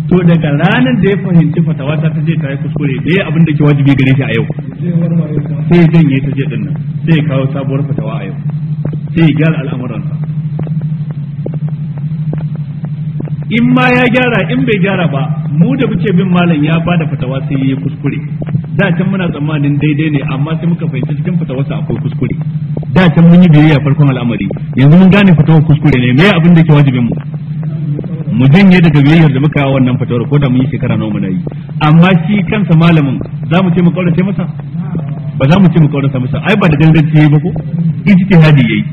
to daga ranar da ya fahimci fatawa ta ta je ta yi kuskure da ya abin da ke wajibi gare shi a yau sai ya janye ta je din nan sai ya kawo sabuwar fatawa a yau sai ya gyara al'amuransa in ma ya gyara in bai gyara ba mu da muke bin malam ya ba da fatawa sai ya yi kuskure da can muna tsammanin daidai ne amma sai muka fahimci cikin fatawarsa akwai kuskure da can mun yi biyayya farkon al'amari yanzu mun gane fatawa kuskure ne me abin da ke wajibin mu mu janye daga biyayyar da muka yi wannan fatawar ko da mun yi shekara nawa muna yi amma shi kansa malamin za mu ce mu kaurace masa ba za mu ce mu kaurace masa ai ba da danganci yayi ba ko ijtihadi yayi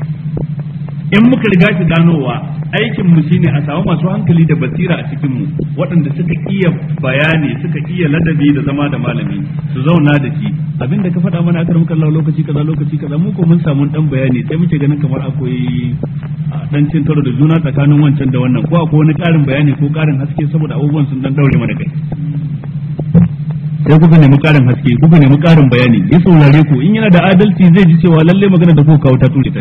in muka riga shi ganowa aikin mu shine a samu masu hankali da basira a cikin mu waɗanda suka iya bayani suka iya ladabi da zama da malami su zauna da shi abinda ka faɗa mana akar muka lokaci kaza lokaci kaza mu ko mun samu dan bayani sai muke ganin kamar akwai dan cin taro da juna tsakanin wancan da wannan ko akwai wani ƙarin bayani ko ƙarin haske saboda abubuwan sun dan daure mana kai sai kuka nemi karin haske kuka nemi karin bayani ya saurare ku in yana da adalci zai ji cewa lalle magana da kuka kawo ta tsure ta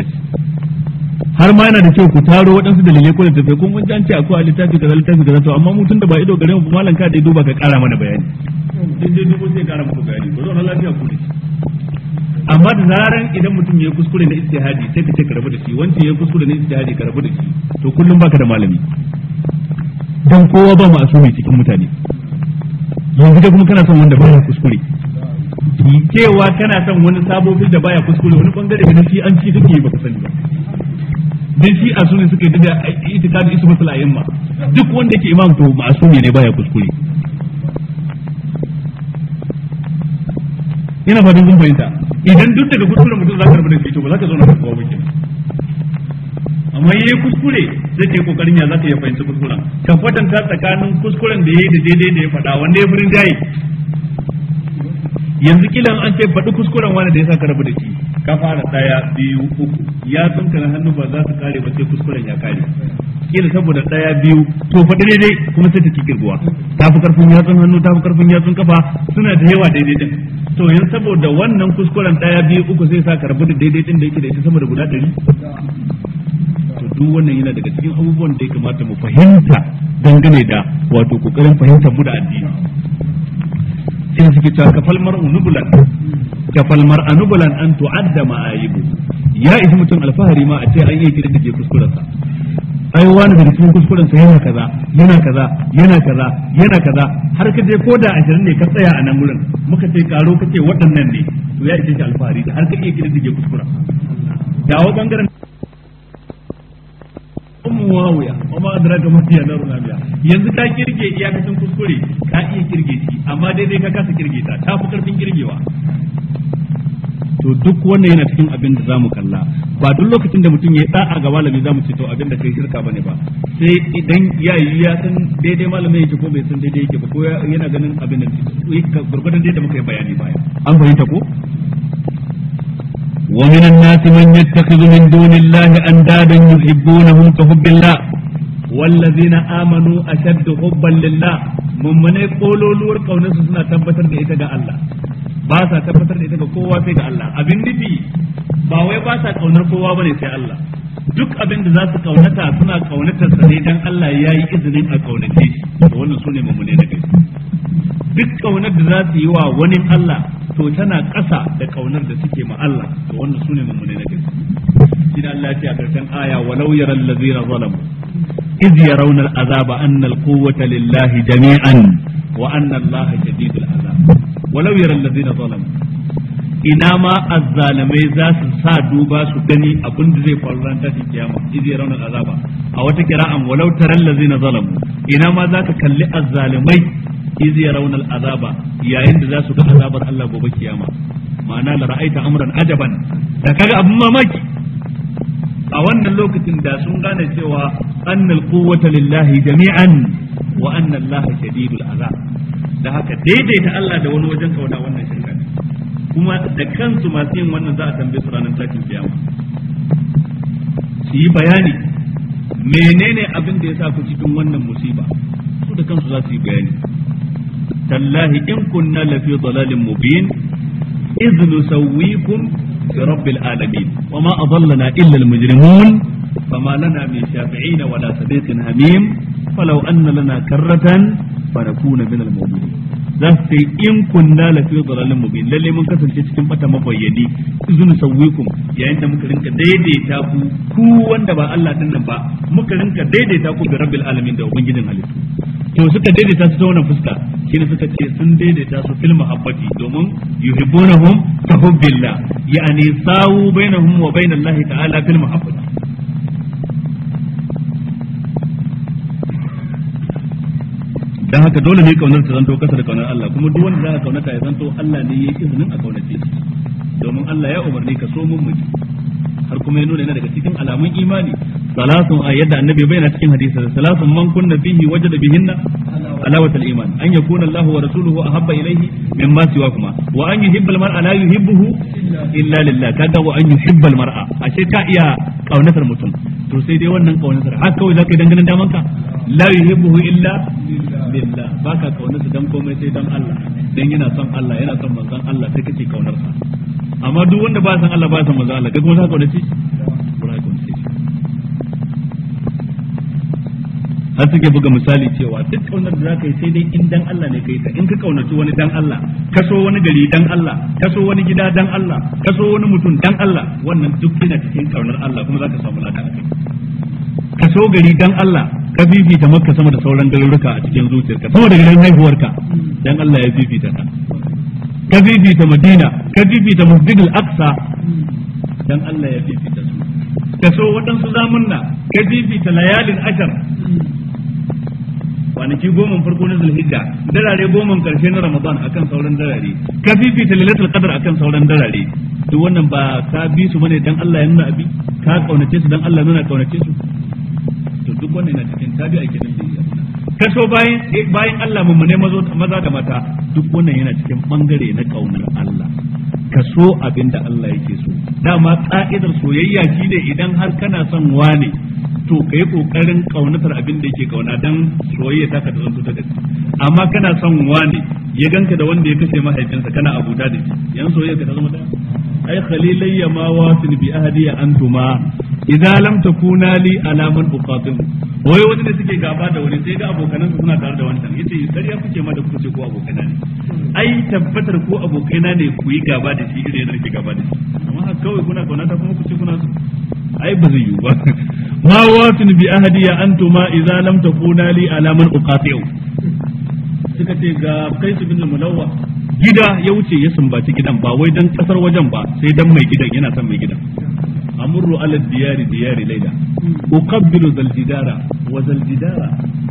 har ma yana da kyau ku taro waɗansu dalilai ko da kun mun an ce akwai a littafi kaza littafi kaza to amma mu da ba ido gare mu malam ka da ido ba ka ƙara mana bayani in dai dubo sai ƙara muku bayani ba na lafiya ku ne amma da zaran idan mutum ya kuskure na istihadi sai ka ce ka rabu da shi wancan ya kuskure na istihadi ka rabu da shi to kullum baka da malami dan kowa ba ma'asumi cikin mutane yanzu da kuma kana son wanda baya kuskure cewa kana son wani sabo da baya kuskure wani bangare da shi an ci kake ba ku sani ba dai shi a sunni suka yi da itikadi isu masal ma duk wanda yake imam to ma'asumi ne baya kuskure ina fatan kun fahimta idan duk daga kuskure mutum za ka rabu da shi to ba za ka zauna da kowa ba kenan amma yayi kuskure zai ke kokarin ya za ka iya fahimci kuskuren ka kwatanta tsakanin kuskuren da ya yi da daidai da ya faɗa wanda ya furin jayi yanzu kilan an ce faɗi kuskuren wani da ya sa ka rabu da shi ka fara daya biyu uku ya tsunka na hannu ba za su kare ba sai kuskuren ya kare kila saboda daya biyu to fa daidai kuma sai ta kikirguwa ta fi karfin yatsun hannu ta fi karfin yatsun kafa suna da yawa daidai din to yanzu saboda wannan kuskuren daya biyu uku sai sa karbu da daidai din da yake da ita sama da guda ɗari to duk wannan yana daga cikin abubuwan da ya kamata mu fahimta dangane da wato kokarin fahimtar mu da addini sai suke cewa kafal mar'u nubulan kafal mar'a nubulan an tu'adda ma'ayibu ya isi mutum alfahari ma a ce an yi kidan da ke kuskurensa ai wani da cikin kuskurensa yana kaza yana kaza yana kaza yana kaza har ka je ko da ashirin ne ka tsaya a nan wurin muka ce karo kace waɗannan ne to ya isa shi alfahari da har ka iya kidan da ke kuskuren dawo bangaren ummu wawiya wa ma adraka ma hiya narun amiya yanzu ka kirge iyakacin kuskure ka iya kirge shi amma daidai ka kasa kirge ta ta fi karfin kirgewa to duk wannan yana cikin abin da zamu kalla ba duk lokacin da mutum ya da'a ga malami zamu ce to abin da kai shirka bane ba sai idan ya yi ya san daidai malamin yake ko bai san daidai yake ba ko yana ganin abin da gurgurdan da muka yi bayani baya an fahimta ko ومن الناس من يتخذ من دون الله أندادا يحبونهم كحب الله والذين آمنوا أشد حبا لله من من يقولوا لور كونس سنة تبتر دعيتا دا الله باسا تبتر دعيتا دا قوة في دا الله أبن نبي باوي باسا كونر قوة بني سي الله duk abin da za su kaunata suna kaunatar sa ne dan Allah ya yi izinin a kaunace shi to wannan su ne mamune na gaske duk kaunar da za su yi wa wani Allah to tana ƙasa da kaunar da suke ma Allah to wannan su ne mamune na gaske shi da Allah ya karshen aya walau yaral ladzina zalamu iz yarawna al'azaba anna al-quwwata lillahi jami'an wa anna Allah shadidul azab walau yaral ladzina zalamu ina ma azzalamai za su sa duba su gani abin da zai faru ran tashin kiyama izi raunar azaba a wata kira'an walau taral lazina zalamu ina ma za ka kalli azzalamai izi raunar azaba yayin da za su ga azabar Allah gobe kiyama ma'ana la ra'aita amran ajaban da kaga abin mamaki a wannan lokacin da sun gane cewa annal quwwata lillahi jami'an wa anna Allah shadidul azab da haka daidaita Allah da wani wajen kauna wannan shirka kuma da kansu masu yin wannan za a tambaye su ranar takin kiyama su yi bayani menene abin da ya sa ku cikin wannan musiba su da kansu za su yi bayani tallahi in kunna lafi dalalin mubin إذ نسويكم برب العالمين وما أضلنا إلا المجرمون فما لنا من شافعين ولا صديق هميم فلو أن لنا كرة فنكون من المؤمنين za su sai in kunna la fi dhalalin mubin lalle mun kasance cikin bata mabayyani izun sawwikum yayin da muka rinka daidaita ku ku wanda ba Allah din nan ba muka rinka daidaita ku bi rabbil alamin da ubangijin halittu to suka daidaita su ta wannan fuska shine suka ce sun daidaita su fil mahabbati domin yuhibbunahum ka hubbillah yani sawu bainahum wa bainallahi ta'ala fil mahabbati dan haka dole ne kaunar ta zanto kasa da kaunar Allah kuma duk wanda za ka kaunata ya zanto Allah ne ya yi izinin a kaunace domin Allah ya umarni ka so mun mutum har kuma ya nuna yana daga cikin alamun imani salatun a yadda annabi bayyana cikin hadisi salatun man kunna fihi wajada bihinna alawatul iman an yakuna Allah wa rasuluhu ahabba ilayhi mimma siwa kuma wa an yuhibbal mar'a la yuhibbuhu illa lillah kaga wa an yuhibbal mar'a ashe ka iya kaunatar mutum to sai dai wannan kaunatar har kawai zaka yi dangane daman ka la yuhibbuhu illa lillah baka kaunarsa dan komai sai dan Allah dan yana son Allah yana son manzon Allah sai kace kaunarsa amma duk wanda ba san Allah ba san manzo Allah kai kuma za ka wadace har suke buga misali cewa duk kaunar da zaka yi sai dai in dan Allah ne kai ta in ka kaunaci wani dan Allah ka so wani gari dan Allah ka so wani gida dan Allah ka so wani mutum dan Allah wannan duk yana cikin kaunar Allah kuma zaka samu lada akai ka so gari dan Allah ka fifita maka sama da sauran garuruka a cikin zuciyarka sama da garin haihuwarka dan Allah ya fifita ta ka fifita madina ka fifita Masjid al aqsa dan Allah ya fifita su ka so waɗansu zamunna ka fifita layalin ashar kwanaki goma farko na zulhijja darare goma karshe na ramadan akan sauran darare ka fifita lailatul qadr akan sauran darare duk wannan ba ka bi su bane dan Allah ya nuna abi ka kaunace su dan Allah nuna kaunace su to duk wannan yana cikin tabi'a kenan da so bayan bayan Allah mu ne maza da mata duk wannan yana cikin bangare na kaunar Allah ka so abin da Allah yake so dama ka'idar soyayya shine idan har kana son wane to kai kokarin kaunatar abin da yake kauna dan soyayya ta ka zanto ta gaske amma kana son wane ya ganka da wanda ya kashe mahaifinsa kana abuta da shi yan soyayya ka ta zama da ai khalilayya ma wasil bi ahadi ya antuma idza lam takuna li alaman uqatil wai wani da suke gaba da wani sai ga abokanan su suna tare da wancan yace kariya kuke ma da kuke ko abokana ne ai tabbatar ko abokaina ne ku yi gaba da shi idan yake gaba da shi amma haka kawai kuna kauna ta kuma kuce kuna su ai ba zai yi ba ma wasil bi ahadi ya antuma idza lam takuna li alaman uqatil suka ce ga kai su bin mulawwa gida ya wuce ya sumbaci gidan ba wai dan kasar wajen ba sai dan mai gidan yana son mai gidan amurru ala diyari diyari laila uqabbilu zal jidara wa zal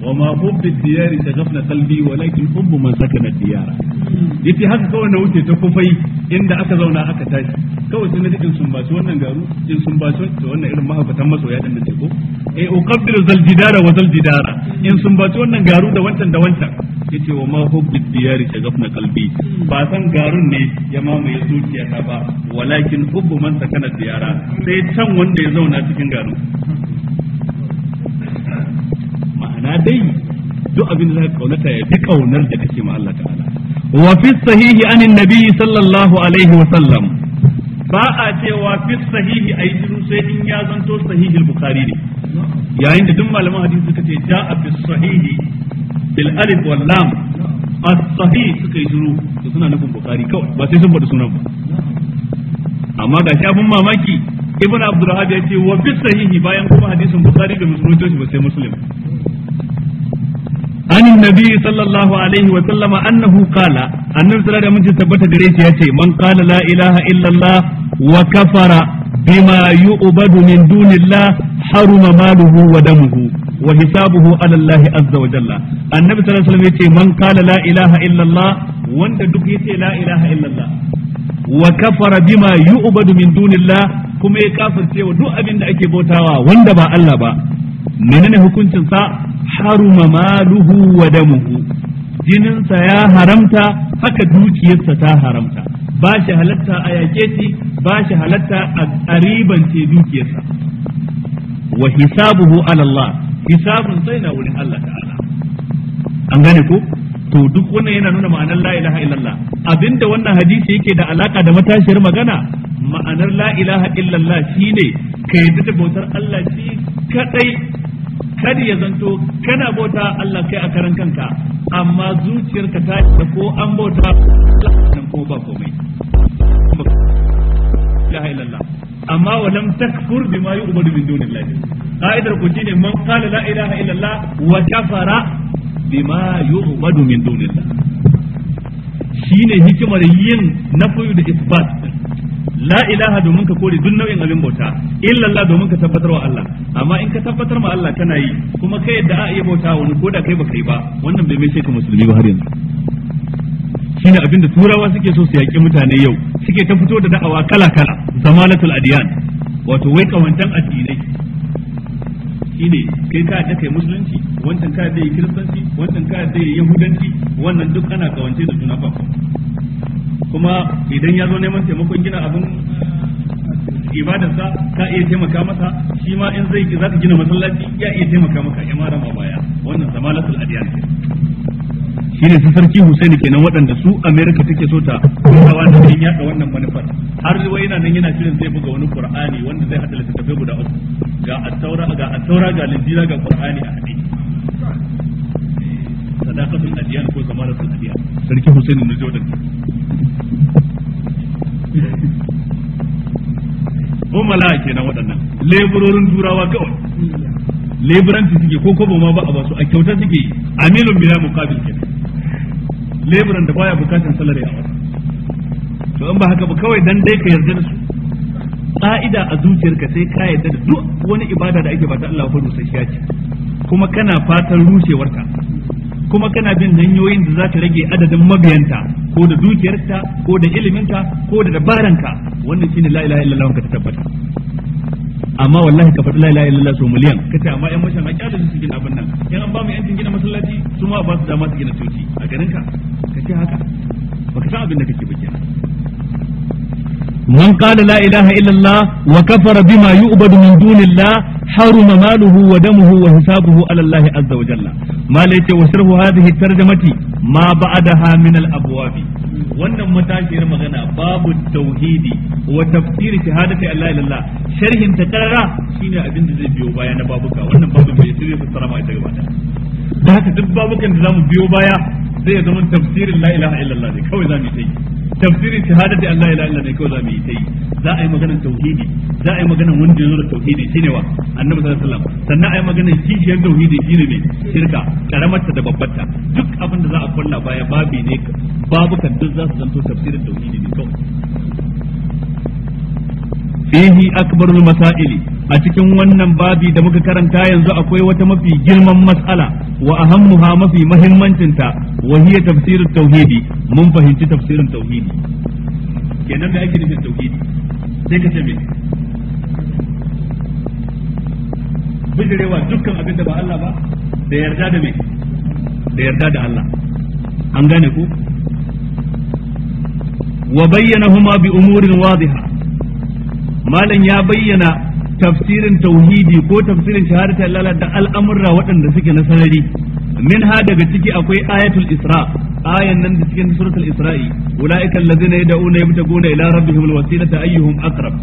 wa ma hubbi diyari tagafna qalbi walakin hubbu man diyara yace haka kawai na wuce ta kufai inda aka zauna aka tashi kawai sai na in sumbaci wannan garu in sumbaci wannan irin mahaifatan masoya din nan ko eh uqabbilu wa zal in sumbaci wannan garu da wancan da wancan yace wa ma hubbi diyari tagafna qalbi ba garun ne ya mamaye zuciyata ba walakin hubbu man diyara sai can wanda ya zauna cikin gano ma'ana dai duk abin da zaka kaunata ya fi kaunar da kake ma Allah ta'ala wa fi sahihi an annabi sallallahu alaihi wa sallam ba a cewa fi sahihi ai shiru sai in ya zanto sahihi al-bukhari ne yayin da duk malaman hadisi suka ce ja'a fi sahihi bil alif wal lam as-sahih suka yi shiru suna nufin bukhari kawai ba sai sun bada sunan ba amma ga shi abun mamaki ibn abdurrahman ya ce wa fi sahihi bayan kuma hadisin bukhari da muslim to shi ba sai muslim an nabi sallallahu alaihi wa sallama annahu qala annabi sallallahu alaihi wa tabbata gare shi yace man qala la ilaha illallah wa kafara bima yu'badu min dunillah haruma maluhu wa damuhu wa hisabuhu ala Allah azza wa jalla annabi sallallahu alaihi wa sallam yace man qala la ilaha illallah wanda duk yace la ilaha illallah wa kafara bima yu'badu min dunillah kuma ya kafirce wa duk abin da ake bautawa wanda ba Allah ba menene hukuncin sa haruma maluhu wa damuhu jininsa ya haramta haka dukiyarsa ta haramta ba shi halatta a yaƙe shi ba shi halatta a ribance dukiyarsa wa hisabuhu ala Allah hisabun sai na wurin Allah ta'ala an gane ko to duk wannan yana nuna ma'anar la ilaha illallah abinda wannan hadisi yake da alaka da matashiyar magana ma'anar la ilaha illallah shine ka yadda da bautar Allah shi kadai kada ya zanto kana bauta Allah kai a karan kanka amma zuciyarka ta da ko an bauta nan ko ba komai la ilaha amma wa lam takfur bima yu'budu min dunillahi qa'idar ku shine man qala la ilaha illallah wa kafara bima yu'badu min dunillah shine hikimar yin nafiyu da isbat la ilaha domin ka kore duk nau'in abin bauta illa Allah domin ka tabbatar wa Allah amma in ka tabbatar ma Allah kana yi kuma kai yadda a iya bauta wani ko da kai baka yi ba wannan bai mai sai ka musulmi ba har yanzu shine abinda turawa suke so su yaƙi mutane yau suke ta fito da da'awa kala kala zamanatul adiyan wato wai kawantan addinai ne kai ka yadda kai musulunci wancan ka yadda kiristanci wancan ka yadda yahudanci wannan duk ana kawance da juna ba kuma idan ya zo neman taimakon gina abin eh, ibadarsa ka iya taimaka masa shi ma in zai za ka gina masallaci ya iya taimaka maka ya mara ma baya wannan zamanatul adiyan shine su sarki Husaini kenan waɗanda su America take so ta kulawa da yin yada wannan manufar har zuwa yana nan yana shirin zai buga wani Qur'ani wanda zai hada littattafai guda uku ga at-taura ga at-taura ga linjira ga Qur'ani a hade sadaqatul adiyan ko zamanatul adiyan sarki Hussein ne Ko umala kenan waɗannan leburorin turawa kawai leburanci suke ko kobo ma ba a ba su a kyauta suke amilun bila mukabil kenan leburan da baya bukatan salari a wata to in ba haka ba kawai dan dai ka yarda da su ka'ida a zuciyarka sai ka yarda da duk wani ibada da ake bata Allah ba rusasshiya ce kuma kana fatan rushewarta kuma kana bin hanyoyin da za ta rage adadin mabiyanta ko da dukiyarta ko da iliminta ko da dabaranka wannan shine la ilaha illallah ka tabbata amma wallahi ka faɗi la ilaha illallah so miliyan kace amma yan mashan a kyalin su gina abin nan yan an ba mu yancin gina masallaci su ma ba su dama su gina coci a garin ka kace haka baka san abin da kake ba kenan من قال لا إله إلا الله وكفر بما يؤبد من دون الله حرم ماله ودمه وحسابه على الله عز وجل ما ليت وسره هذه الترجمة ما بعدها من الأبواب wannan matashiyar magana babu tauhidi wa tafsir shahadati Allah ilallah sharhin ta karara shine abin da zai biyo baya na babuka wannan babu mai sirri su sarama ita ta da haka duk babukan da zamu biyo baya zai zama tafsirin la ilaha illallah ne kawai zamu yi tafsirin shahadati Allah ila Allah ne kawai za yi ta za a yi maganar tauhidi za a yi maganar wanda yazo da tauhidi shine wa annabi sallallahu alaihi wasallam sannan a yi maganar kishiyar tauhidi shine ne shirka karamar ta da babbar ta duk abin da za a kulla baya babi ne babu kan duk za su zanto tafsirin tauhidi ne kawai fihi akbarul masaili a cikin wannan babi da muka karanta yanzu akwai wata mafi girman mas'ala wa ahammuha mafi mahimmancinta wa hiya tafsirut tauhidi mun fahimci tafsirin tauhidi kenan da ake nufin tauhidi sai ka ce me bijirewa dukkan abin da ba Allah ba da yarda da me da yarda da Allah an gane ku wa bayyana huma bi umurin wadiha malam ya bayyana tafsirin tauhidi ko tafsirin shahadata lalla da al'amurra waɗanda suke na sarari min ha daga ciki akwai ayatul isra ayan nan da cikin suratul isra'i ulaika allazina yad'una yabtaguna ila rabbihim alwasilata ayyuhum aqrab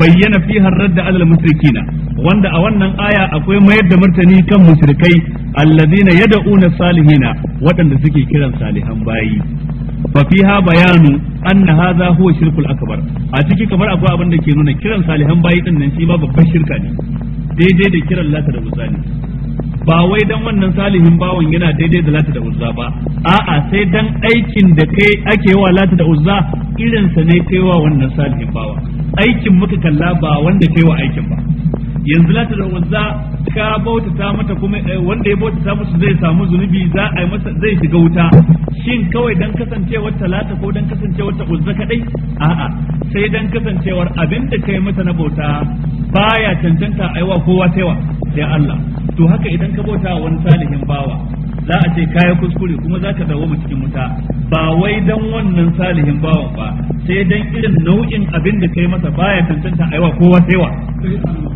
bayyana fiha ar-radd 'ala al wanda a wannan aya akwai mayar da martani kan mushrikai allazina yad'una salihina waɗanda suke kiran salihan bayi fa fiha bayanu anna hadha huwa shirkul akbar a ciki kamar akwai abin da ke nuna kiran salihan bayi din nan shi ma babban shirka ne daidai da kiran lata da uzza ne ba wai dan wannan salihin bawan yana daidai da lata da uzza ba a'a sai dan aikin da kai ake wa lata da uzza irin sa ne kai wannan salihin bawa aikin muka kalla ba wanda kai wa aikin ba yanzu lati da wazza ka bautata mata kuma eh, wanda ya bautata musu zai samu zunubi za a yi masa zai shiga wuta shin kawai dan kasancewar talata ko dan kasancewar ta uzza kadai a'a sai dan kasancewar abin da kai mata na bauta baya cancanta aiwa kowa taiwa sai Allah to haka idan ka bauta wani salihin bawa za a ce kaya kuskure kuma za ka dawo cikin wuta ba wai dan wannan salihin bawan ba sai dan irin nau'in abin da kai masa baya tantanta aiwa kowa sai wa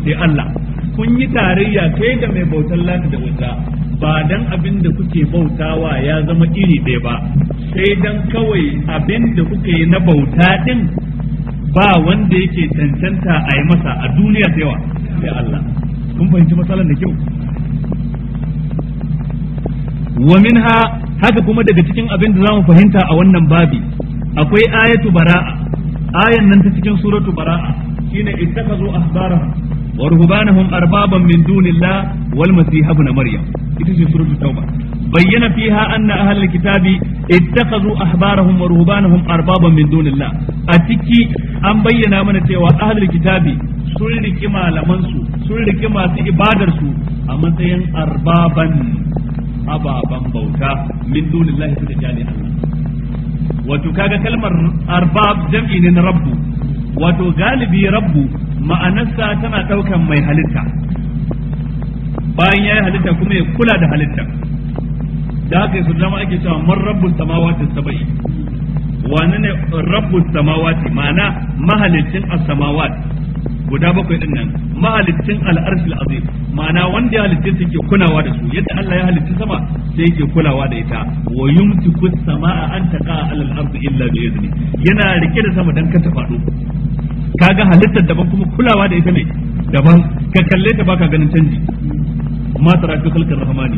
sai Allah kun yi tarayya kai da mai bautar lati da wuta ba dan abin da kuke bautawa ya zama iri ɗaya ba sai dan kawai abin da kuke na bauta ɗin ba wanda yake cancanta a yi masa a duniya sai wa sai Allah kun fahimci matsalar da kyau wa minha haka kuma daga cikin abin da zamu fahimta a wannan babi akwai ayatu bara'a ayan nan ta cikin suratu bara'a shine ittakazu ahbarahum wa ruhbanahum arbaban min dunillah wal masih ibn maryam ita ce suratu tauba bayyana fiha anna ahlul kitabi ittakazu ahbarahum wa ruhbanahum arbaban min dunillah a ciki an bayyana mana cewa ahlul kitabi sun riki malaman su sun riki masu ibadar su a matsayin arbaban ababan bauta min dunillahi suka kyale Allah wato kaga kalmar arbab jam'i ne na rabbu wato galibi rabbu ma'anarsa tana daukan mai halitta bayan yayi halitta kuma ya kula da halitta da haka su zama ake cewa man rabbus samawati saba'i wani ne rabbus samawati ma'ana mahalicin as-samawati guda bakwai din nan mahalicin al'arshil azim ma'ana wanda ya halitta su ke kulawa da su yadda Allah ya halitta sama sai yake kulawa da ita wa yumtiku samaa an taqa alal ardi illa bi idni yana rike da sama dan ka ta fado kaga halittar daban kuma kulawa da ita ne daban ka kalle ta baka ganin canji ما ترى في خلق الرحمن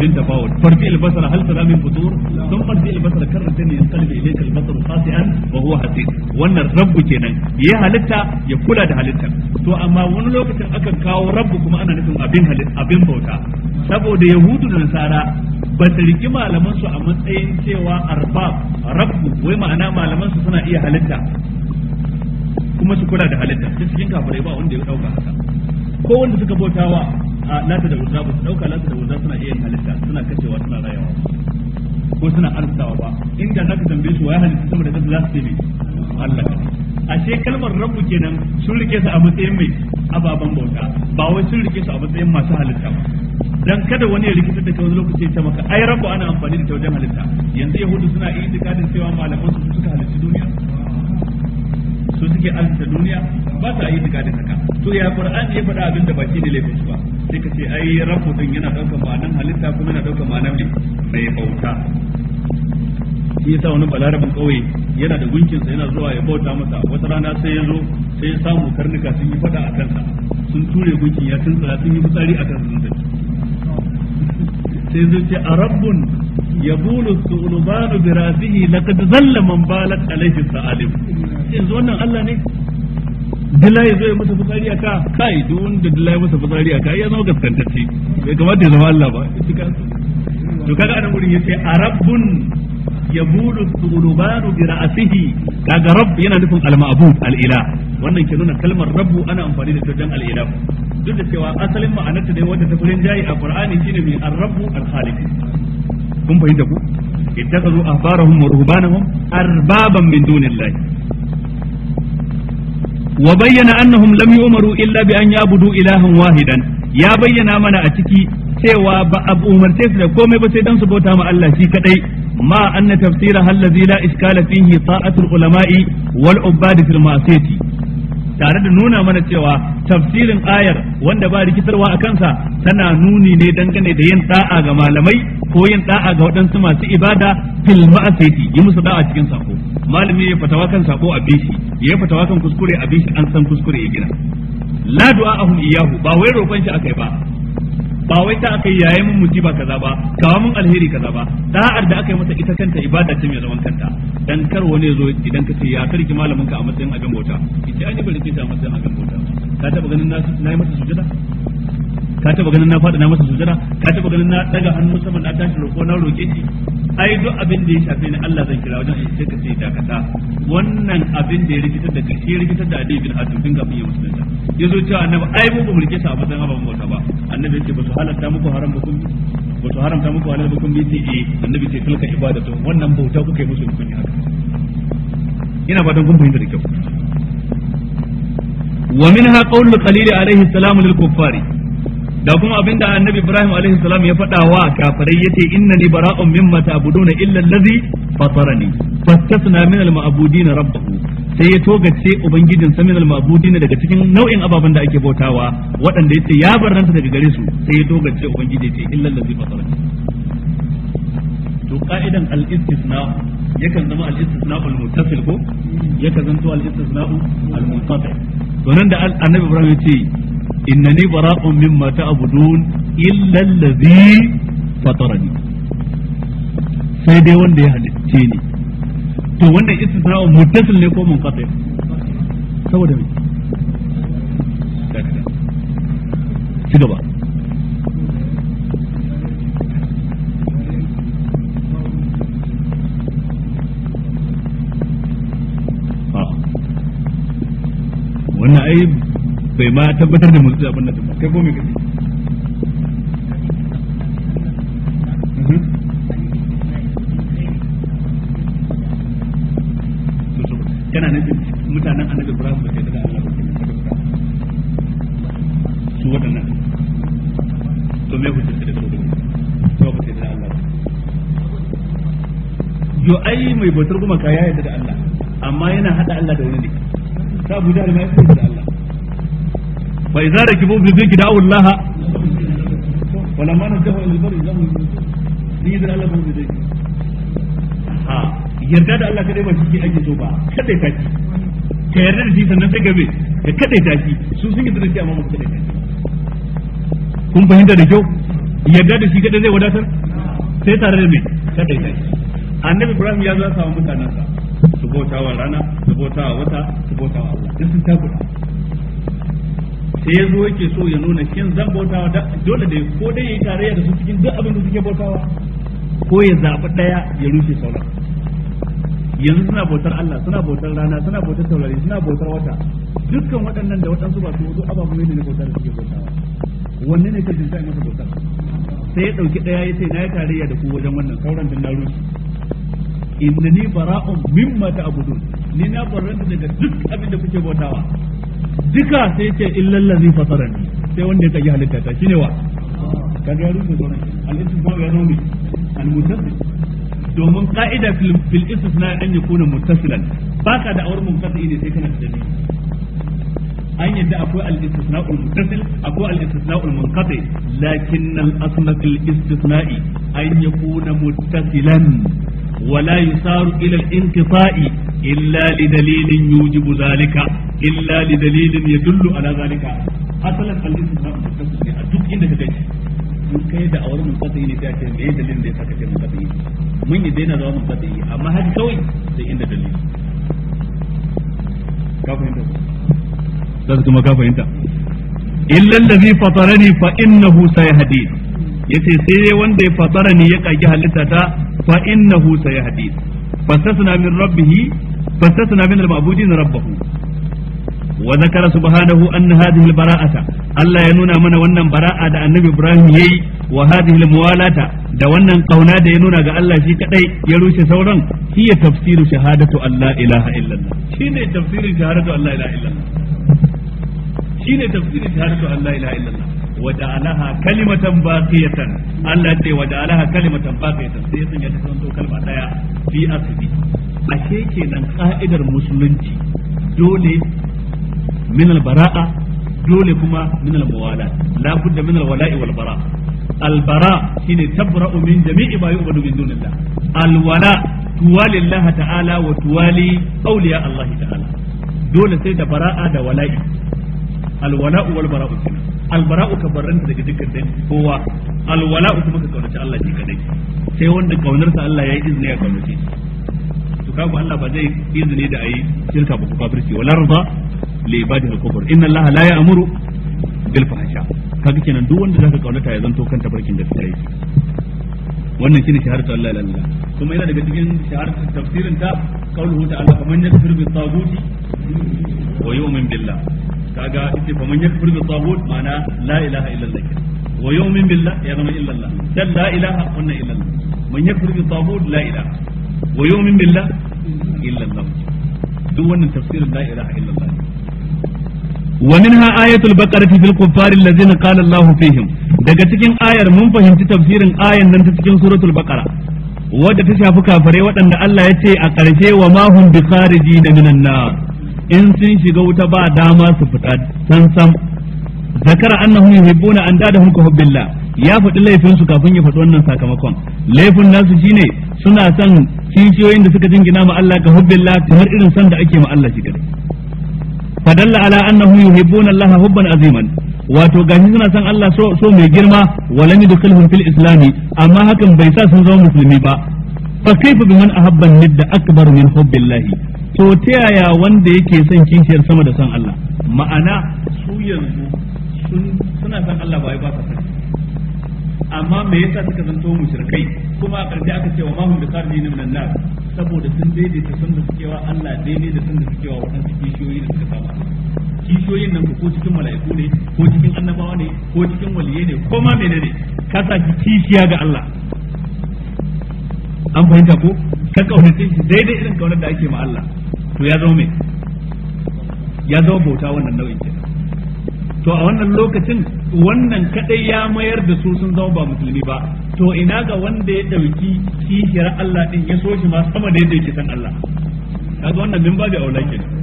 من تفاوت فرجع البصر هل ترى من فطور ثم فرجع البصر كرتين ينقلب اليك البصر خاسئا وهو حسيد wannan rabbu kenan ya halitta ya kula da halitta to amma wani lokacin akan kawo rabbu kuma ana nufin abin abin bauta saboda yahudu da nasara ba su riki malaman a matsayin cewa arbab rabbu wai ma'ana malaman suna iya halitta kuma su kula da halitta cikin kafirai ba wanda ya dauka haka ko wanda suka bautawa a lata da Wuta ba su dauka lata da Wuta suna iya halitta suna kacewa suna rayawa ko suna arsawa ba inda zaka tambaye su waya halitta sama da za su ce ne Allah she kalmar rabbu kenan sun rike su a matsayin mai ababen bauta ba wai sun rike su a matsayin masu halitta ba dan kada wani ya rikitar da kawai lokaci ya ce maka ai rabbu ana amfani da ta wajen halitta yanzu yahudu suna iya itikadin cewa malamansu su suka halitta duniya su suke alta duniya ba sa yi tuka da haka to ya qur'ani ya faɗa abin da ba shi ne laifin su ba sai ka ce ai rabu din yana daukar nan halitta kuma yana daukar nan ne mai bauta shi yasa wani balarabin kauye yana da sa yana zuwa ya bauta masa wata rana sai ya zo sai ya samu karnuka sun yi fada a kansa sun ture gunkin ya tuntsura sun yi fitsari a kansa sun sai zai ce a rabbun yabulu sulubanu bi rasihi laqad zalla man balat alaihi sa'alim yanzu wannan Allah ne dila ya zo ya masa fitsari a ka kai duk wanda dila ya masa fitsari a ka ya zama gaskantacce bai kamata ya zama Allah ba to kaga anan gurin yace yana nufin al-ma'bud wannan ke nuna kalmar rabbu ana amfani da ta dan al duk da cewa asalin ma'anarta ne wanda ta furin jayi a qur'ani shine mai arrabu rabbu al-khaliq kun fahimta ku ittakazu ahbarahum wa ruhbanahum arbaban min dunillahi wa bayyana annahum lam yu'maru illa bi an yabudu ilahan wahidan ya bayyana mana a ciki cewa ba a umarce su da komai ba sai dan su bauta ma Allah shi kadai ma anna tafsira allazi la iskala fihi ta'atul ulama'i wal ubadi fil ma'siyati tare da nuna mana cewa tafsirin ayar wanda ba rikitarwa a kansa tana nuni ne dangane da yin da'a ga malamai ko yin da'a ga waɗansu masu ibada fil ma'asiyati yi musu da'a cikin sako malami ya fatawa kan sako a bishi ya fatawa kan kuskure a bishi an san kuskure ya gina la du'a ahum iyahu ba wai roƙon shi akai ba ba wai ta aka yayi mun musiba kaza ba kawo mun alheri kaza ba da'ar da aka yi masa ita kanta ibada ce mai zaman kanta dan kar wani zo idan ka ce ya karki malamin ka a matsayin abin bauta yace ani bari ki ta a matsayin abin bauta ka taba ganin na yi masa sujada ka taba ganin na faɗa na masa sujada ka taba ganin na daga hannu sama na tashi roƙo na roƙe shi ai duk abin da ya shafe ni Allah zan kira wajen sai ka ce dakata wannan abin da ya rikitar da kashi rikitar da Adi bin Hatim din kafin ya musulunta yazo cewa annabi ai mu ba mu rike sa a matsayin ababen bauta ba annabi yake ce ba su halatta muku haram ba kun ba su haramta muku halal ba kun bi ce eh annabi ce tilka ibadatu wannan bauta kuke musu kun yi haka ina fatan kun fahimta da kyau ومنها قول الخليل عليه السلام للكفار da kuma abinda annabi ibrahim alaihi salam ya faɗa wa kafirai yace innani bara'un mimma ta'buduna illa allazi fatarani fastasna min al mabudina rabbuhu sai ya togace ubangijin sa min al mabudina daga cikin nau'in ababen da ake bautawa waɗanda yace ya barranta daga gare su sai ya togace ubangiji yace illa allazi fatarani to ka'idan al-istisna yakan zama al-istisna al-muttasil ko yakan zanto al-istisna al-munqati to nan da annabi ibrahim yace إنني براء مما تعبدون إلا الذي فطرني سيدي وندي هذا تيني تو وندي استثناء متصل لكم من قطع سوى دمي سيدي وندي bai ma tabbatar da musulunci abin da ta kai ko me kace mhm. kana nan mutanen annabi kai Allah su to me su to ba sai da Allah yo ai mai bautar kuma ka ya da Allah amma yana hada Allah da wani ne sabu da Jahl ya da fa idza rakibu fi dhikri da'u Allah wala ma najahu ila al-barri lahu ni da Allah bi dhikri ha yarda da Allah kadai ba shi ake so ba kada ka ci ka yarda da shi sannan sai gabe ka kada ta ci su sun yi da shi amma ba kada ta kun fahimta da kyau yarda da shi kadai zai wadatar sai tare da me kada ta shi annabi Ibrahim ya zo ya samu mutanansa su bauta wa rana su bauta wa wata su bauta wa Allah duk sun takura sai ya zo yake so ya nuna shin zan bautawa dole da ko dai ya yi tarayya da su cikin duk abin da suke bautawa ko ya zaɓi ɗaya ya rufe sauran yanzu suna bautar Allah suna bautar rana suna bautar taurari suna bautar wata dukkan waɗannan da waɗansu ba su wasu ababu ne na bautar da suke bautawa wanne ne kai sai masa bautar sai ya ɗauki ɗaya ya ce na yi tarayya da ku wajen wannan sauran da na rufe inna ni bara'un mimma ta'budun ni na barranta daga duk abin da kuke bautawa duka sai ce illal ladhi fatarani sai wanda ya kaji halitta ta shine wa kaga ya rubuta sunan al-istisna ya nomi al-mutasil domin qa'ida fil istisna an yakuna muttasilan baka da awar munkasi ne sai kana da dalili an yadda akwai al-istisna al-muttasil akwai al-istisna al-munqati lakin al-asl fil istisna'i an yakuna muttasilan ولا يسار إلى الانقطاع إلا لدليل يوجب ذلك إلا لدليل يدل على ذلك أصلا الحديث الصحيح أدوك إنك تجد in kai da awar munqati ne ta ce me ya dalilin da ya saka ce mun yi daina zama munqati amma haka kawai sai inda dalili ka fahimta sai kuma ka fahimta yace sai wanda ya fatara ni ya kaki halitta ta fa innahu sayahdi fastasna min rabbih fastasna min al-ma'budin rabbahu wa zakara subhanahu anna hadhihi al-bara'ata Allah ya nuna mana wannan bara'a da Annabi Ibrahim yayi wa hadhihi al-muwalata da wannan kauna da ya nuna ga Allah shi kadai ya rushe sauran shi ya tafsiru shahadatu Allah ilaha illallah shine tafsirin shahadatu Allah ilaha illallah shine tafsirin shahadatu Allah ilaha illallah waja'alaha kalimatan baqiyatan Allah ce waja'alaha kalimatan baqiyatan sai sun ya tsanto kalma daya fi asbi ashe kenan ka'idar musulunci dole min albara'a dole kuma min almuwala la budda min alwala'i wal bara' albara shine tabra'u min jami'i ma yu'budu min dunillah alwala tuwali Allah ta'ala wa tuwali awliya Allah ta'ala dole sai da bara'a da wala'i albara'u ka barranta daga dukkan dai kowa alwala'u kuma ka kaunaci Allah shi kadai sai wanda kaunarsa Allah ya yi izini ya kaunaci to kaga Allah ba zai izini da ayi shirka ba ku kafirci wala rida li ibadihi al-kufr inna Allah la ya'muru bil fahsha kaga kenan duk wanda zaka kaunata ya zanto kanta barkin da kai wannan shine shahadatu Allah la ilaha kuma yana daga cikin shahadatu tafsirin ta qauluhu ta'ala faman yakfur bi taghuti wa yu'min billah kaga ita fa man yakfur bi tagut ma'ana la ilaha illa Allah wa yu'min billah ya zama illa Allah dan la ilaha kunna illa Allah man yakfur bi tagut la ilaha wa yu'min billah illa Allah duk wannan tafsirin la ilaha illa Allah ومنها آية البقرة في الكفار الذين قال الله فيهم daga cikin ayar mun fahimci tafsirin ayar nan ta cikin suratul baqara wadda ta shafi kafare waɗanda Allah ya ce a ƙarshe wa ma hum bi khariji minan nar in sun shiga wuta ba dama su fita san san zakara annahum yuhibbuna an dadahum ka hubbillah ya faɗi laifin su kafin ya faɗi wannan sakamakon laifin nasu shine suna son kishiyoyin da suka jingina ma Allah ka hubbillah kamar irin san da ake ma Allah shi fadalla ala annahum yuhibbuna Allah hubban aziman wato gashi suna son Allah so so mai girma walam yudkhilhum fil islami amma hakan bai sa sun zama musulmi ba fa kaifa biman ahabban nidda akbar min hubbillah to ta yaya wanda yake son kinkiyar sama da son Allah ma'ana su yanzu suna son Allah ba ba sa amma me yasa suka zanto mushrikai kuma a ƙarshe aka ce wa ma mahum bisarri ne min nar saboda sun daidaita sun da suke wa Allah daidai da sun da suke wa wannan kishiyoyi da suka samu kishiyoyin nan ko cikin mala'iku ne ko cikin annabawa ne ko cikin waliyai ne ko ma menene ka sa kishiya ga Allah an fahimta ko ka kaunace shi daidai irin kaunar da ake ma Allah to ya zama mai ya zama bauta wannan nau'in kenan to a wannan lokacin wannan kadai ya mayar da su sun zama ba musulmi ba to ina ga wanda ya dauki kishiyar Allah din ya so shi ma sama da yadda yake san Allah kaga wannan min babu aula kenan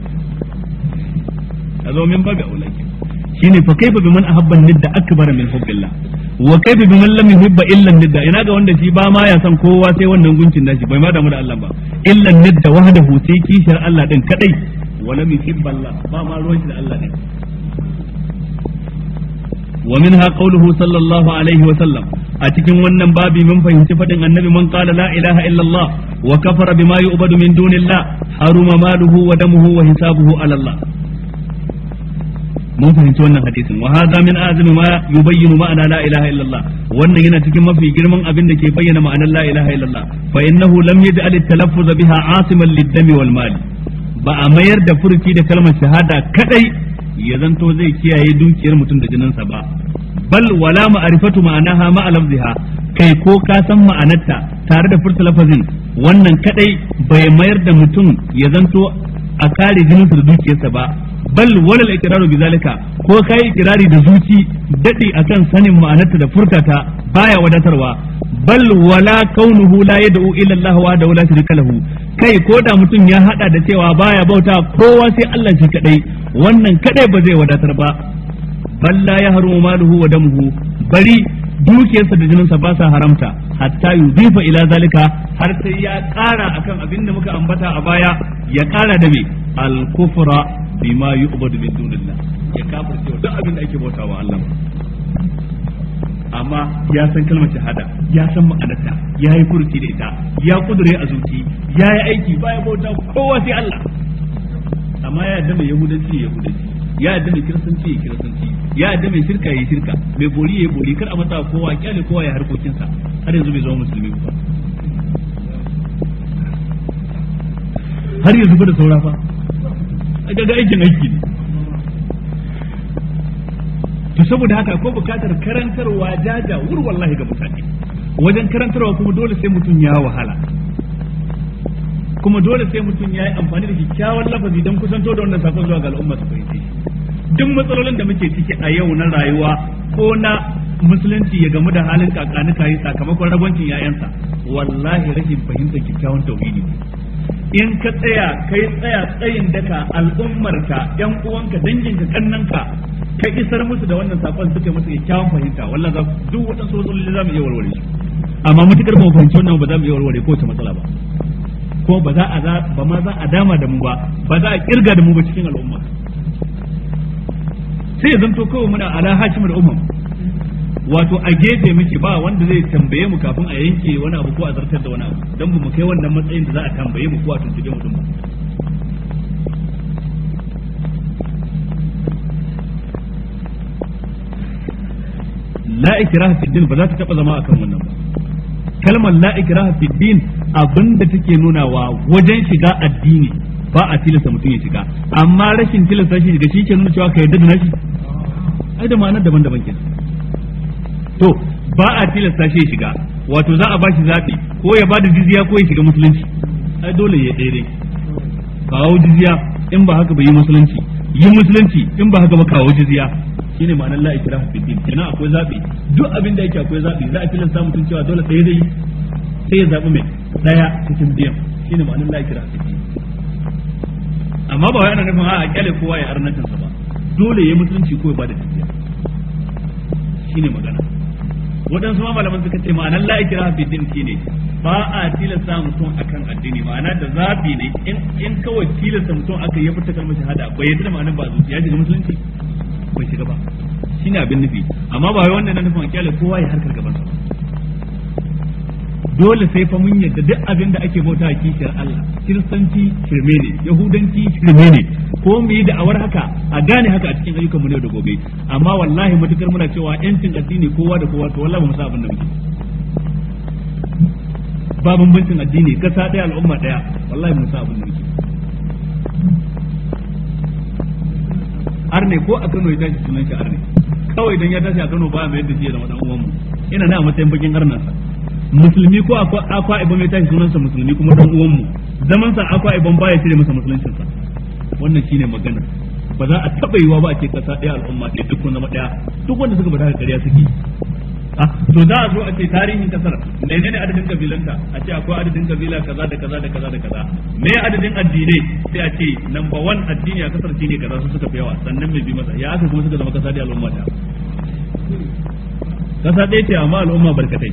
kaga min babu aula kenan shine fa kaifa biman ahabban nidda akbar min hubbillah wa kaifa biman lam yuhibba illa nidda ina ga wanda shi ba ma ya san kowa sai wannan guncin nashi bai ma damu da Allah ba illa nidda wahdahu sai kishar Allah din kadai wa lam yuhibba Allah ba ma ruwan shi da Allah ne wa minha qawluhu sallallahu alaihi wa sallam a cikin wannan babi mun fahimci fadin annabi man qala la ilaha illa Allah wa kafara bima yu'badu min dunillah haruma maluhu wa damuhu wa hisabuhu ala Allah mun fahimci wannan hadisin wa hadha min azmi ma yubayyinu ma'ana la ilaha illallah wannan yana cikin mafi girman abin da ke bayyana ma'anar la ilaha illallah fa innahu lam yaj'al at-talaffuz biha asiman lid-dami wal mali ba a mayar da furki da kalmar shahada kadai ya zanto zai kiyaye dukiyar mutum da jininsa ba bal wala ma'rifatu ma'anaha ma lafziha kai ko ka san ma'anarta tare da furta lafazin wannan kadai bai mayar da mutum ya zanto a kare jininsa da dukiyarsa ba bal walal ikraru zalika ko kai ikrari da zuci dadi akan sanin ma'anarta da furtata baya wadatarwa bal wala kaunuhu la yad'u ila Allah wa da la kalahu kai ko da mutum ya hada da cewa baya bauta kowa sai Allah shi kadai wannan kadai ba zai wadatar ba bal la yahrumu maluhu wa damuhu bari dukiyarsa da jininsa ba sa haramta hatta yuzifa ila zalika har sai ya kara akan abin da muka ambata a baya ya kara da me al kufra bima yu'badu min dunillah ya kafirce duk abin da ake bauta wa Allah amma ya san kalmar shahada ya san ma'anarta ya yi furuci da ita ya kudure a zuci ya yi aiki baya bauta kowa sai Allah amma ya da mai yahudanci yahudanci ya yadda mai kiristanci ya kiristanci ya yadda mai shirka ya shirka mai bori ya bori kar a mata kowa kyale kowa ya harkokinsa har yanzu bai zama musulmi ba har yanzu ba da saura fa a ga aikin aiki ne to saboda haka ko bukatar karantarwa jaja wur wallahi ga mutane wajen karantarwa kuma dole sai mutum ya wahala kuma dole sai mutum ya yi amfani da kyakkyawan lafazi don kusanto da wannan sakon zuwa ga al'umma su fahimci duk matsalolin da muke ciki a yau na rayuwa ko na musulunci ya gamu da halin kakanuka yi sakamakon rabancin yayansa wallahi rashin fahimtar kyakkyawan tauhidi in ka tsaya ka yi tsaya tsayin daka ka yan uwanka ka kannanka ka isar musu da wannan sakon suke musu kyakkyawan fahimta wallahi za duk waɗansu matsaloli za mu iya warware su amma matukar ba mu fahimci wannan ba za mu iya warware kowace matsala ba ko ba za a ba ma za a dama da mu ba ba za a kirga da mu ba cikin al'umma sai ya zanto kawai muna ala hakimul umma wato a gefe muke ba wanda zai tambaye mu kafin a yanke wani abu ko a zartar da wani abu don ba mu kai wannan matsayin da za a tambaye mu ko a tuntube mu ba la ikraha fi din ba za ta taba zama akan wannan ba kalmar la ikraha fi din abin da take nunawa wajen shiga addini ba a tilasta mutum ya shiga amma rashin tilasta shi shiga shi ke nuna cewa ka yarda da nashi ai da ma'anar daban-daban ke to ba a tilasta shi ya shiga wato za a bashi zaɓi ko ya bada jizya ko ya shiga musulunci ai dole ya daidai kawo jizya in ba haka bai yi musulunci yi musulunci in ba haka ba kawo jizya shine ma'anar la ikraha fi din kenan akwai zaɓi? duk abin da yake akwai zaɓi za a tilasta mutum cewa dole ɗaya sai ya zaɓi mai ɗaya cikin biyan shine ma'anin la kira amma ba wai ana nufin a kyale kowa ya arnatin sa ba dole ya mutunci ko ya bada jizya shine magana waɗansu ma malaman suka ce ma'anar la kira fi din shine ba a tilasta mutum akan addini ma'ana da zabi ne in kawai tilasta mutum aka yi fita kalmar shahada bai yadda ma'anar ba zuciya shiga musulunci bai shiga ba shine abin nufi amma ba wai wannan na nufin kyale kowa ya harkar gaban sa dole sai fa mun yadda duk abin da ake bauta kishiyar Allah kiristanci shirme ne yahudanci shirme ne ko mu yi da'awar haka a gane haka a cikin ayyukan mu ne da gobe amma wallahi matukar muna cewa yancin addini kowa da kowa to wallahi ba mu san abin da muke ba bambancin addini kasa daya al'umma daya wallahi mu san abin da muke arne ko a Kano ya tashi sunan shi arne kawai dan ya tashi a Kano ba mai yadda shi da wadan uwan mu ina na matsayin bakin sa. musulmi ko akwa ibon ya tashi sunansa musulmi kuma dan uwanmu zaman sa akwa ibon baya cire masa musuluncin sa wannan shine magana ba za a taba yiwa ba a ce kasa ɗaya al'umma ɗaya duk zama ɗaya duk wanda suka bada kariya suke to za a zo a ce tarihin kasar menene ne adadin kabilanta a ce akwai adadin kabila kaza da kaza da kaza da kaza me adadin addinai sai a ce number one addini a kasar shine kaza su suka fi yawa sannan mai bi masa ya aka kuma suka zama kasa daya al'umma ta kasa ɗaya ce amma al'umma barkatai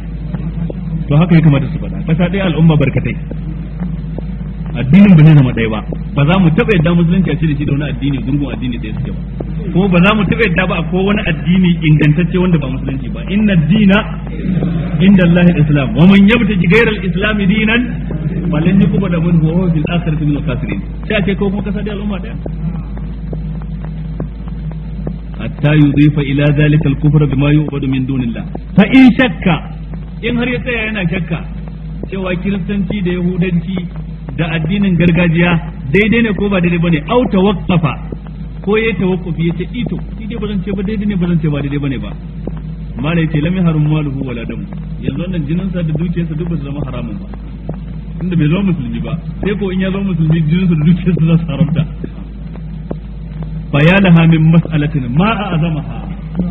to haka ya kamata su faɗa ƙasa ɗaya al'umma barkatai addinin ba zai zama ɗaya ba ba za mu taɓa yadda musulunci a cire shi da wani addini gurgun addini ɗaya suke ba kuma ba za mu taɓa yadda ba addini ingantacce wanda ba musulunci ba inna dina inda Allah islam wa man islam dinan da mun fil min al sai a ko kuma kasa da al'umma ɗaya hatta yudhifa ila zalika al-kufra bima yu'badu min dunillah fa in shakka in har ya tsaya yana shakka cewa kiristanci da yahudanci da addinin gargajiya daidai ne ko ba daidai bane au tawaqqafa ko ya tawaqqufi yace ito shi dai bazan ce ba daidai ne bazan ce ba daidai bane ba mala ce lam harum maluhu wala damu yanzu wannan jinin sa da dukiyarsa duk ba su zama haramun ba tunda bai zama musulmi ba sai ko in ya zama musulmi jinin sa da dukiyarsa za su haramta bayanaha min mas'alatin ma a azamaha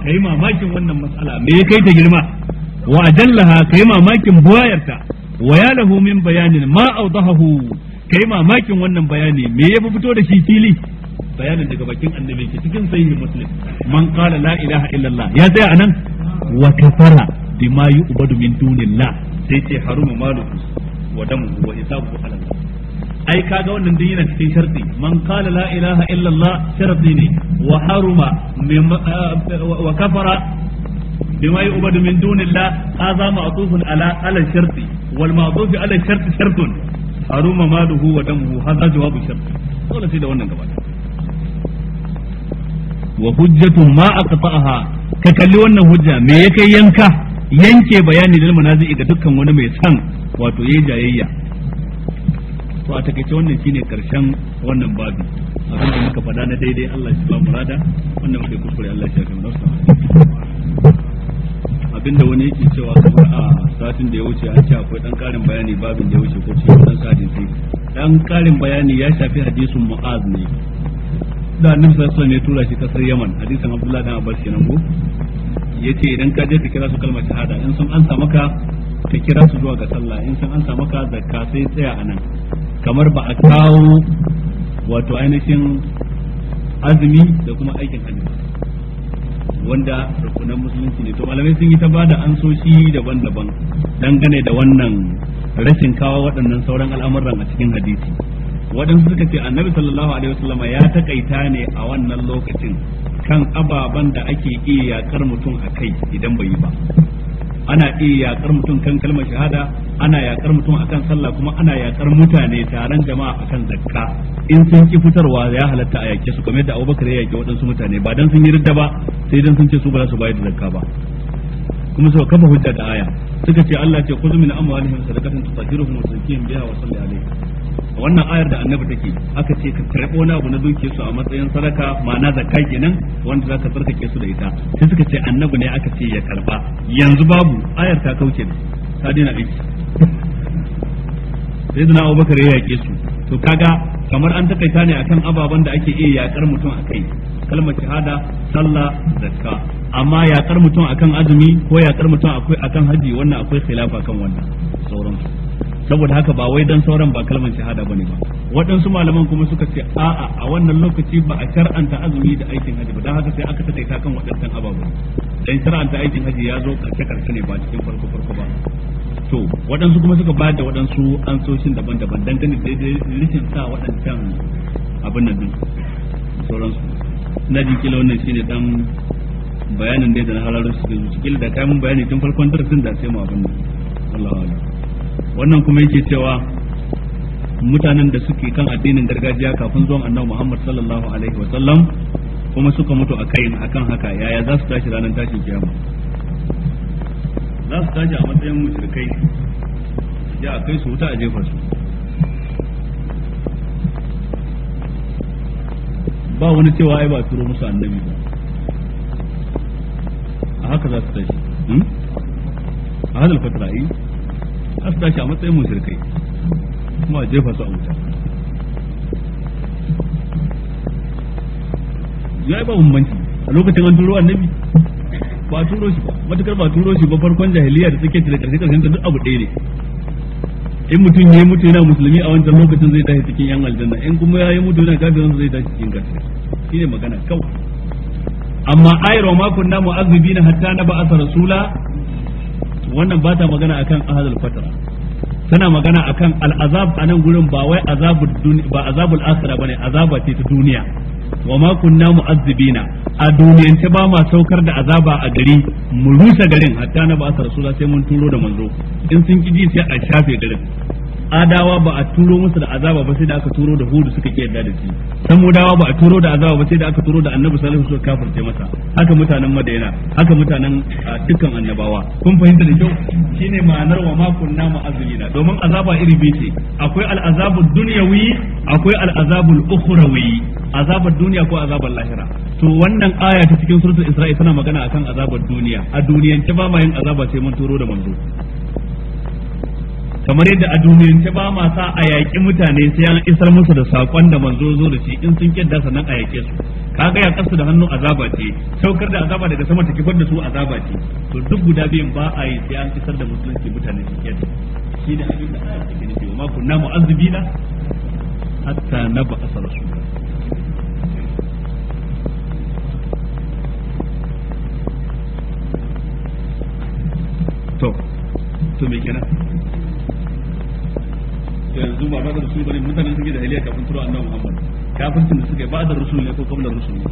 kai mamakin wannan mas'ala me kai ta girma wa ajallaha kai mamakin buwayarta wa ya lahu bayanin ma awdahu kai mamakin wannan bayani me ya fito da shi fili bayanin daga bakin annabi ke cikin sahihi muslim man qala la ilaha illallah ya tsaya anan wa kafara bima yu'badu min dunillah sai ce haruma maluku wa damu wa hisabu ala Allah ai kaga wannan dai yana cikin sharti man la ilaha illallah sharti ne wa haruma ah, wa kafara بما yu'badu من دون الله هذا معطوف على على الشرط والمعطوف على الشرط شرط haruma maluhu wa damuhu hadha jawabu sharti dole sai da wannan gaba wa hujjatu ma aqta'aha ka kalli wannan hujja me yake yanka yanke bayani dal munazi ga dukkan wani mai san wato yayi jayayya to a takaice wannan shine karshen wannan babu abin da muka faɗa na daidai Allah ya ba murada wannan muke kuskure Allah shi ya kamar abinda wani yake cewa kamar a satin da ya wuce an ce akwai dan karin bayani babin da ya wuce ko cikin dan sai dan karin bayani ya shafi hadisin mu'az ne da annabi sallallahu alaihi tura shi kasar yaman hadisin abdullahi dan abbas kenan ko yace idan ka je ka kira su kalmar shahada in sun ansa maka ka kira su zuwa ga sallah in sun ansa maka zakka sai tsaya anan kamar ba a kawo wato ainihin azumi da kuma aikin hajji wanda rukunan musulunci ne to malamai sun yi ta bada ansoshi daban-daban dangane da wannan rashin kawo waɗannan sauran al'amuran a cikin hadisi waɗansu suka ce annabi sallallahu alaihi wasallama ya takaita ne a wannan lokacin kan ababen da ake iya yakar mutum a kai idan bai yi ba ana iya yakar mutum kan kalmar shahada ana yakar mutum akan sallah kuma ana yakar mutane taron jama'a akan zakka in sun ki fitarwa ya halatta a yake su kamar da Abubakar ya yake waɗansu mutane ba dan sun yi ridda ba sai dan sun ce su ba za su bayar da zakka ba kuma suka kafa hujja da aya suka ce Allah ce kuzu min amwalihim sadaqatan tutahhiruhum wa tuzakkihim biha wa salli alaihi wannan ayar da annabi take aka ce ka karɓo wani abu na dukiyar su a matsayin sadaka ma'ana zakka kenan wanda zaka tsarkake su da ita sai suka ce annabi ne aka ce ya karba yanzu babu ayar ta kauce ta daina aiki sai da Abubakar ya yake su to kaga kamar an takaita ne akan ababen da ake iya yakar mutum akai kalmar shahada sallah zakka amma yakar mutum akan azumi ko yakar mutum akan haji wannan akwai khilafa kan wannan sauransu saboda haka ba wai dan sauran ba kalmar shahada bane ba waɗansu malaman kuma suka ce a'a a wannan lokaci ba a shar'anta azumi da aikin haji ba dan haka sai aka tsaita kan waɗannan ababen dan shar'anta aikin haji ya zo karshe karshe ne ba cikin farko farko ba to waɗansu kuma suka bayar da waɗansu ansoshin daban-daban dangane da rikin sa waɗancan abin nan din sauransu na jin kila wannan shine dan bayanin dai da na halarci da su kila da kai mun bayani tun farkon darasin da sai mu abin nan Allah Allah wannan kuma yake cewa mutanen da suke kan addinin gargajiya kafin zuwan annabi Muhammad sallallahu alaihi wa sallam kuma suka mutu a kai akan haka yaya za su tashi ranar tashin kiyama za su tashi a matsayin mushrikai ya a kai su wuta a jefar su ba wani cewa ai ba turo musu annabi ba a haka za su tashi hmm? a hadal fatra'i eh? za su tashi a matsayin mushrikai kuma a jefa su a wuta ya yi ba bambanci a lokacin an turo annabi ba a turo shi ba matukar ba a turo shi ba farkon jahiliya da suke da karshe karshen duk abu ɗaya ne in mutum ya yi mutu yana musulmi a wancan lokacin zai tashi cikin yan aljanna in kuma ya yi mutu yana kafirin zai tashi cikin karshe shi ne magana kawai amma ayar wa makon namu azubi na hatta na ba'asa rasula wannan ba ta magana akan ahadul fatara tana magana akan al'azab a nan gurin ba wai azabul ba azabul akhirah bane azaba ce ta duniya wa ma kunna mu'azzibina a ta ba ma saukar da azaba a gari mu rusa garin hatta na ba sa rasula sai mun turo da manzo in sun kiji sai a shafe garin adawa ba a turo musu da azaba ba sai da aka turo da hudu suka ke yarda da shi mudawa ba a turo da azaba ba sai da aka turo da annabi alaihi wasallam kafirce masa haka mutanen madaina haka mutanen ah, dukkan annabawa kun fahimta da kyau shine ma'anar wa ma kunna ma'azilina domin azaba iri biyu ce akwai al'azabul dunyawi akwai al'azabul ukhrawi azabar duniya ko azabar lahira to wannan aya ta cikin suratul isra'i tana magana akan azabar duniya a duniyance ba ma yin azaba sai mun turo da manzo kamar yadda a duniyance ba ma sa a yaƙi mutane sai an isar musu da saƙon da manzo zo da shi in sun kidda sannan a yaƙe su ga ya kasu da hannu azaba ce saukar da azaba daga sama ta kifar da su azaba ce to duk guda biyun ba a yi sai an isar da musulunci mutane su kiyar shi ne abin da a yi cikin wa ma kunna mu'azzibina hatta naba asar su to to me kenan yanzu ba ba da rusul bane mutanen suke da haliya kafin turo annabi Muhammad kafin sun suke ba da rusul ne ko kamar rusul ne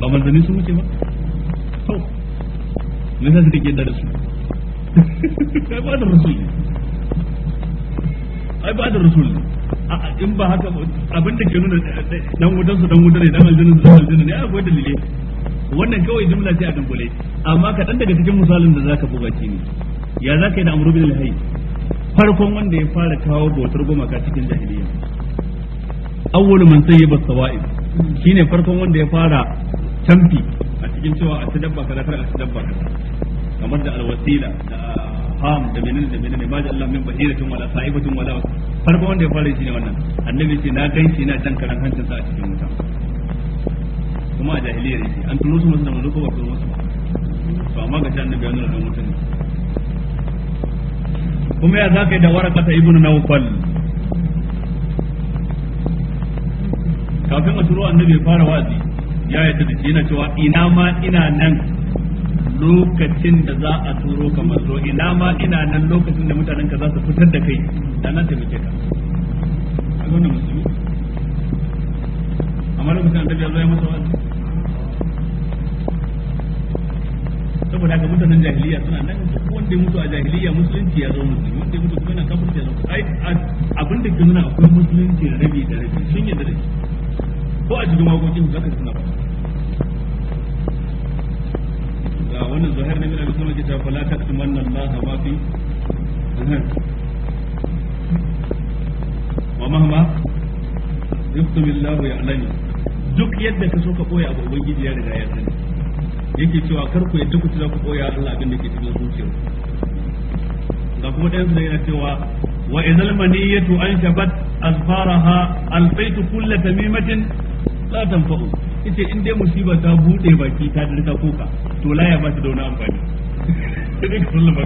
ba manzanni sun wuce ba to ne da take da rusul su ba da rusul ne ai ba da rusul ne in ba haka abin da ke nuna eh, eh, dan wudan su dan wuta ne dan aljinnu dan aljinnu ne akwai dalilai wannan kawai jumla ce a dangule amma ka dan daga cikin misalin da zaka buga shi ne ya zaka yi da amuru bin al farkon wanda ya fara kawo bautar gumaka cikin jahiliya awwalu man sayyiba sawa'id shine farkon wanda ya fara tamfi a cikin cewa a tadabba kada kar a tadabba kamar da alwasila da ham da menene da menene ma Allah min bahiratun wala sa'ibatin wala farkon wanda ya fara shi ne wannan annabi ce na ganci na jan karan hancin sa a cikin wuta kuma a jahiliyar yake an turo su musu da manzo ba su ba to amma ga shi annabi da mutane kuma ya zaka yi da warakata ibnu nawfal kafin a turo annabi ya fara wazi ya yadda ta shi yana cewa ina ma ina nan lokacin da za a turo ka manzo ina ma ina nan lokacin da mutanen ka za su fitar da kai da na taimake ka a zo musulmi amma lokacin da ya zo ya masa wazi saboda haka mutanen jahiliya suna nan duk wanda ya mutu a jahiliya musulunci ya zama musulmi wanda ya mutu kuma kafirci ya zama ai abin da ke nuna akwai musulunci rabi da rabi sun da ko a cikin waƙoƙin zaka suna ba ga wannan zuhair mina fi wa mahma yaktubillahu ya'lamu duk yadda ka so ka koya abu ubangiji ya riga ya sani yake cewa kar ku yadda ku za ku koya Allah abin da ke cikin zuciyar ga kuma ɗayan su da yana cewa wa idzal maniyatu an shabat azfaraha albaytu kullu tamimatin la tanfa'u yace in dai musiba ta bude baki ta dirka koka to ya ba ta da wani amfani sai ka sallah ba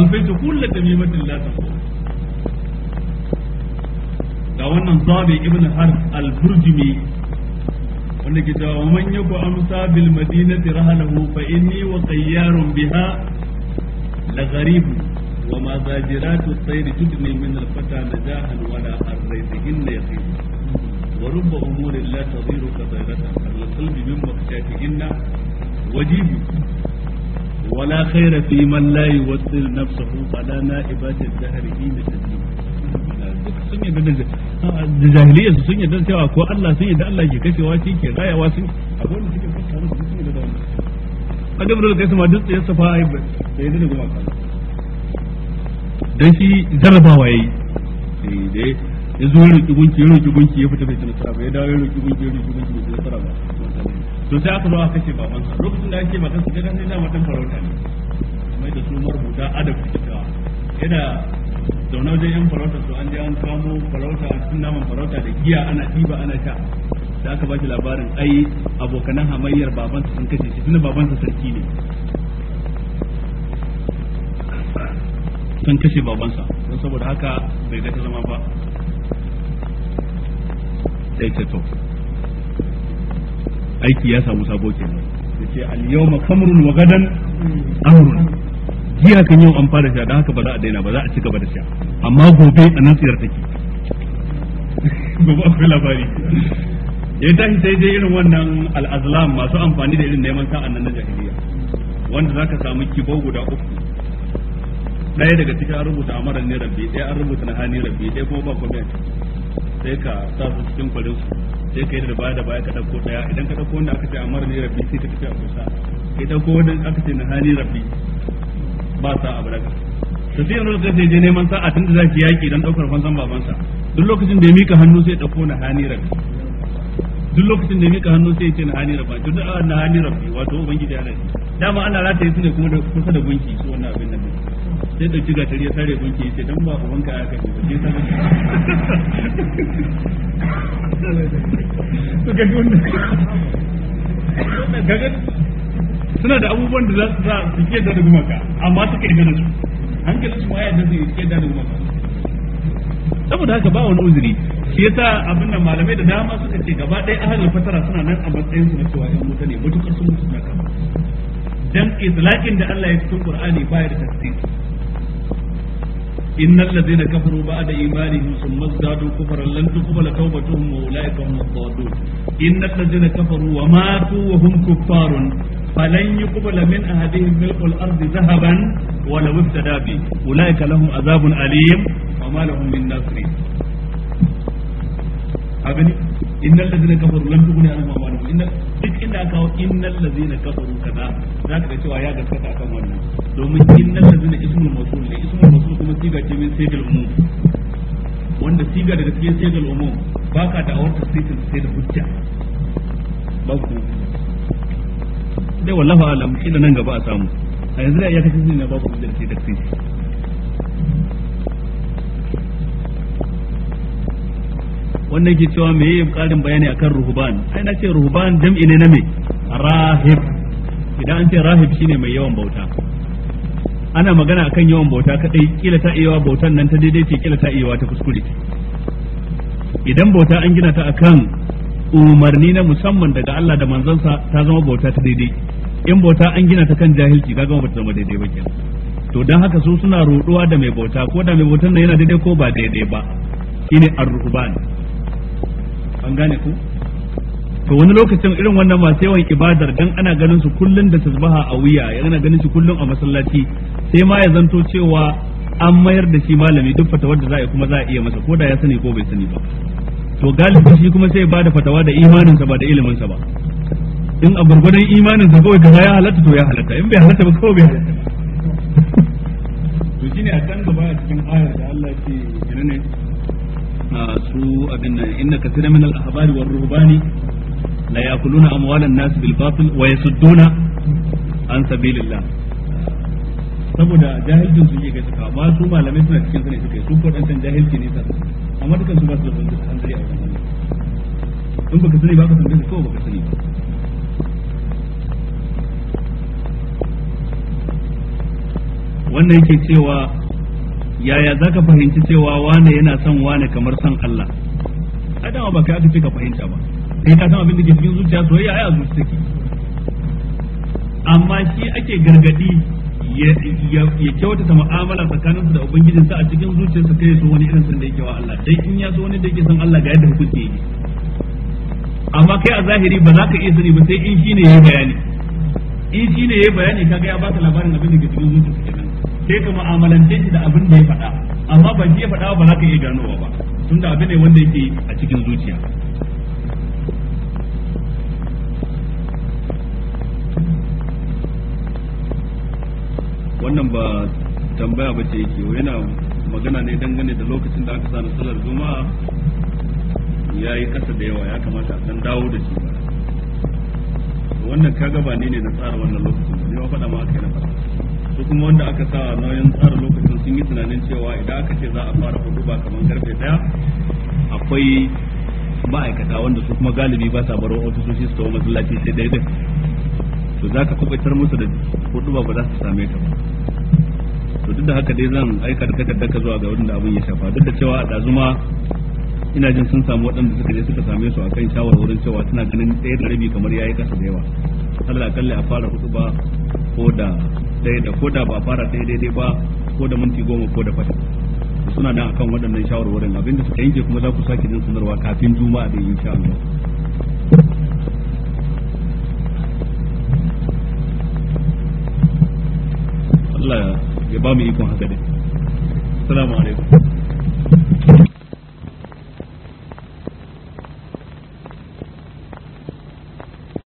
albaytu kullu tamimatin la tanfa'u ga wannan zabi ibn harb al-burjumi wanda ke cewa man yaku amsa bil madinati rahalahu fa inni wa qayyarun biha la gharib wa ma zajiratu at-tayr tudni min al-fata najahan wa la arraytihin yaqib wa rubba umuri la tadiru ka dayrata al-qalb min maqtatihinna wajib ولا خير في من لا يوصل نفسه على نائبات الدهر حين تدين sun yadda da jahiliyar sun cewa ko Allah sun yadda Allah ke kashewa shi ke rayawa sun akwai wanda suke fuska musu sun da a gabar da kaisa ma duk tsaye da da dan shi jarabawa yayi eh, dai ya zo gunki gunki ya fita bai ya dawo gunki gunki bai to sai aka zo aka kashe babansa lokacin da ake sai matan farauta ne mai da su marubuta yana zaune wajen yan farauta su an je an kamo farauta cikin naman farauta da giya ana ɗiba ana sha da aka ba shi labarin ai abokanan hamayyar babansa sun kashe shi tunda babansa sarki ne sun kashe babansa don saboda haka bai ga ta zama ba sai ce to aiki ya samu sabo kenan yace al yawma kamrun wa gadan amrun jiya kan yau an fara sha da haka ba za a daina ba za a ci gaba da sha amma gobe a nan tsiyar take gobe akwai labari ya tashi sai dai irin wannan al'azlam masu amfani da irin neman sa'an nan na jahiliya wanda zaka samu kibau guda uku ɗaya daga cikin an rubuta amaran ne rabbi ɗaya an rubuta na hani rabbi ɗaya kuma ba kuma sai ka sa su cikin kwarin su sai ka yi da baya da baya ka ɗauko ɗaya idan ka ɗauko wanda aka ce amaran ne rabbi sai ka tafi a kusa ka ɗauko wanda aka ce na hani rabbi ba sa a baraka su zai yanzu sai je neman sa'a tun da zaki yaƙi don ɗaukar fansan babansa duk lokacin da ya mika hannu sai ɗauko dauko na hanirar duk lokacin da ya mika hannu sai ya ce na hanirar ba duk da ah, na hanirar bi wato ubangiji Allah dama ana za yi su ne kuma da kusa da gunki su wannan abin nan sai da kiga tare ya sare gunki yace dan ba ubanka aka ce sai ta to ga suna da abubuwan da za su sa su ke da gumaka amma suka yi da su hankalin su ya da su ke da gumaka saboda haka ba wani uzuri shi yasa abin nan malamai da dama suka ce gaba ɗaya ahalul fatara suna nan a matsayin su na cewa yan wuta ne mutukar sun mutu na kama dan itlaqin da Allah ya cikin Qur'ani baya da tafsir innal ladzina kafaru ba'da imanihim thumma zadu kufran lan tuqbala tawbatuhum wa ulaika hum ad-dallun innal ladzina kafaru wa matu wa hum kuffarun falan yuqbala min ahadihim milkul ardi wa ma lahum min nasirin abin innal ladina kafaru lan tughni duk inda aka kawo innal kafaru kaza za ka cewa ya gaskata kan wannan domin innal ladina ismul mawsul ne ismul mawsul kuma siga ce min sayyidul umum wanda siga daga cikin sayyidul ba baka da awarta sai sai da hujja dai wallahu alam kila nan gaba a samu a yanzu da kace ne? na babu da ke wannan ke cewa me yayin karin bayani akan ruhban ai na ce ruhban jam'i ne na me rahib idan an ce rahib shine mai yawan bauta ana magana akan yawan bauta kadai kila ta iya bautan nan ta daidai ce kila ta iya ta kuskure idan bauta an gina ta akan umarni na musamman daga Allah da manzansa ta zama bauta ta daidai in bauta an gina ta kan jahilci ga ba ta zama daidai ba kenan to dan haka su suna roduwa da mai bauta ko da mai bautan nan yana daidai ko ba daidai ba shine ar-ruhban an gane ku to wani lokacin irin wannan masu yawan ibadar dan ana ganin su kullun da tasbaha a wuya yana ganin su kullun a masallaci sai ma ya zanto cewa an mayar da shi malami duk fatawar da za a yi kuma za a iya masa ko da ya sani ko bai sani ba to galibi shi kuma sai ba da fatawa da imaninsa ba da iliminsa ba in a gurgudan imaninsa kawai kaza ya halatta to ya halatta in bai halatta ba kawai bai halatta to shine a can gaba a cikin ayar da Allah ke yana ne su abin nan inna kathira min al-ahbari war ruhbani la yakuluna amwalan nas bil batil wa yasudduna an sabilillah saboda jahilcin su yake ga suka ba su malamai suna cikin sune suke su ko dan jahilci ne sa amma dukan su ba su da bangare an zari a wajen Allah in baka sani ba ka tambaye ka kawai baka sani ba wannan yake cewa yaya za ka fahimci cewa wane yana son wane kamar son Allah adama ba kai aka ce ka fahimta ba kai ka san abin da ke cikin zuciya soyayya ai a zuciya amma shi ake gargadi ya kyautata mu'amala tsakaninsa da ubangijinsa a cikin zuciyarsa kai so wani irin san da yake wa Allah dai in ya so wani da yake san Allah ga yadda hukunci yake amma kai a zahiri ba za ka iya sani ba sai in shine yayi bayani in shine yayi bayani kaga ya baka labarin abin da ke cikin zuciyarsa kenan sai ka mu'amalance shi da abin da ya faɗa amma ba shi ya faɗa ba za ka iya ganowa ba tunda abin ne wanda yake a cikin zuciya wannan ba tambaya ba ce yake yana magana ne dangane da lokacin da aka sa salar juma'a ya yi kasa da yawa ya kamata a dawo da shi wannan kaga ba ne ne na tsara wannan lokacin ne ba faɗa ma aka yi na fara. su kuma wanda aka sa nauyin tsara lokacin sun yi tunanin cewa idan aka ce za a fara hudu ba kamar karfe daya akwai ma'aikata wanda su kuma galibi ba sa baro ofisoshi su kawo masallaci sai daidai to za ka kubutar musu da hudu ba za su same ta ba to duk da haka dai zan aika da takardar ka zuwa ga wurin da abin ya shafa duk da cewa a ɗazuma ina jin sun samu waɗanda suka je suka same su a kan shawarwarin cewa suna ganin ɗaya da rabi kamar ya yi ƙasa da yawa Allah kalle a fara hudu ba ko da ɗaya da ko da ba fara ɗaya daidai ba ko da minti goma ko da fata suna nan akan waɗannan shawarwarin abinda suka yanke kuma za ku sake jin sanarwa kafin juma'a da insha Allah Allah ya ba mu ikon haka dai. assalamu alaikum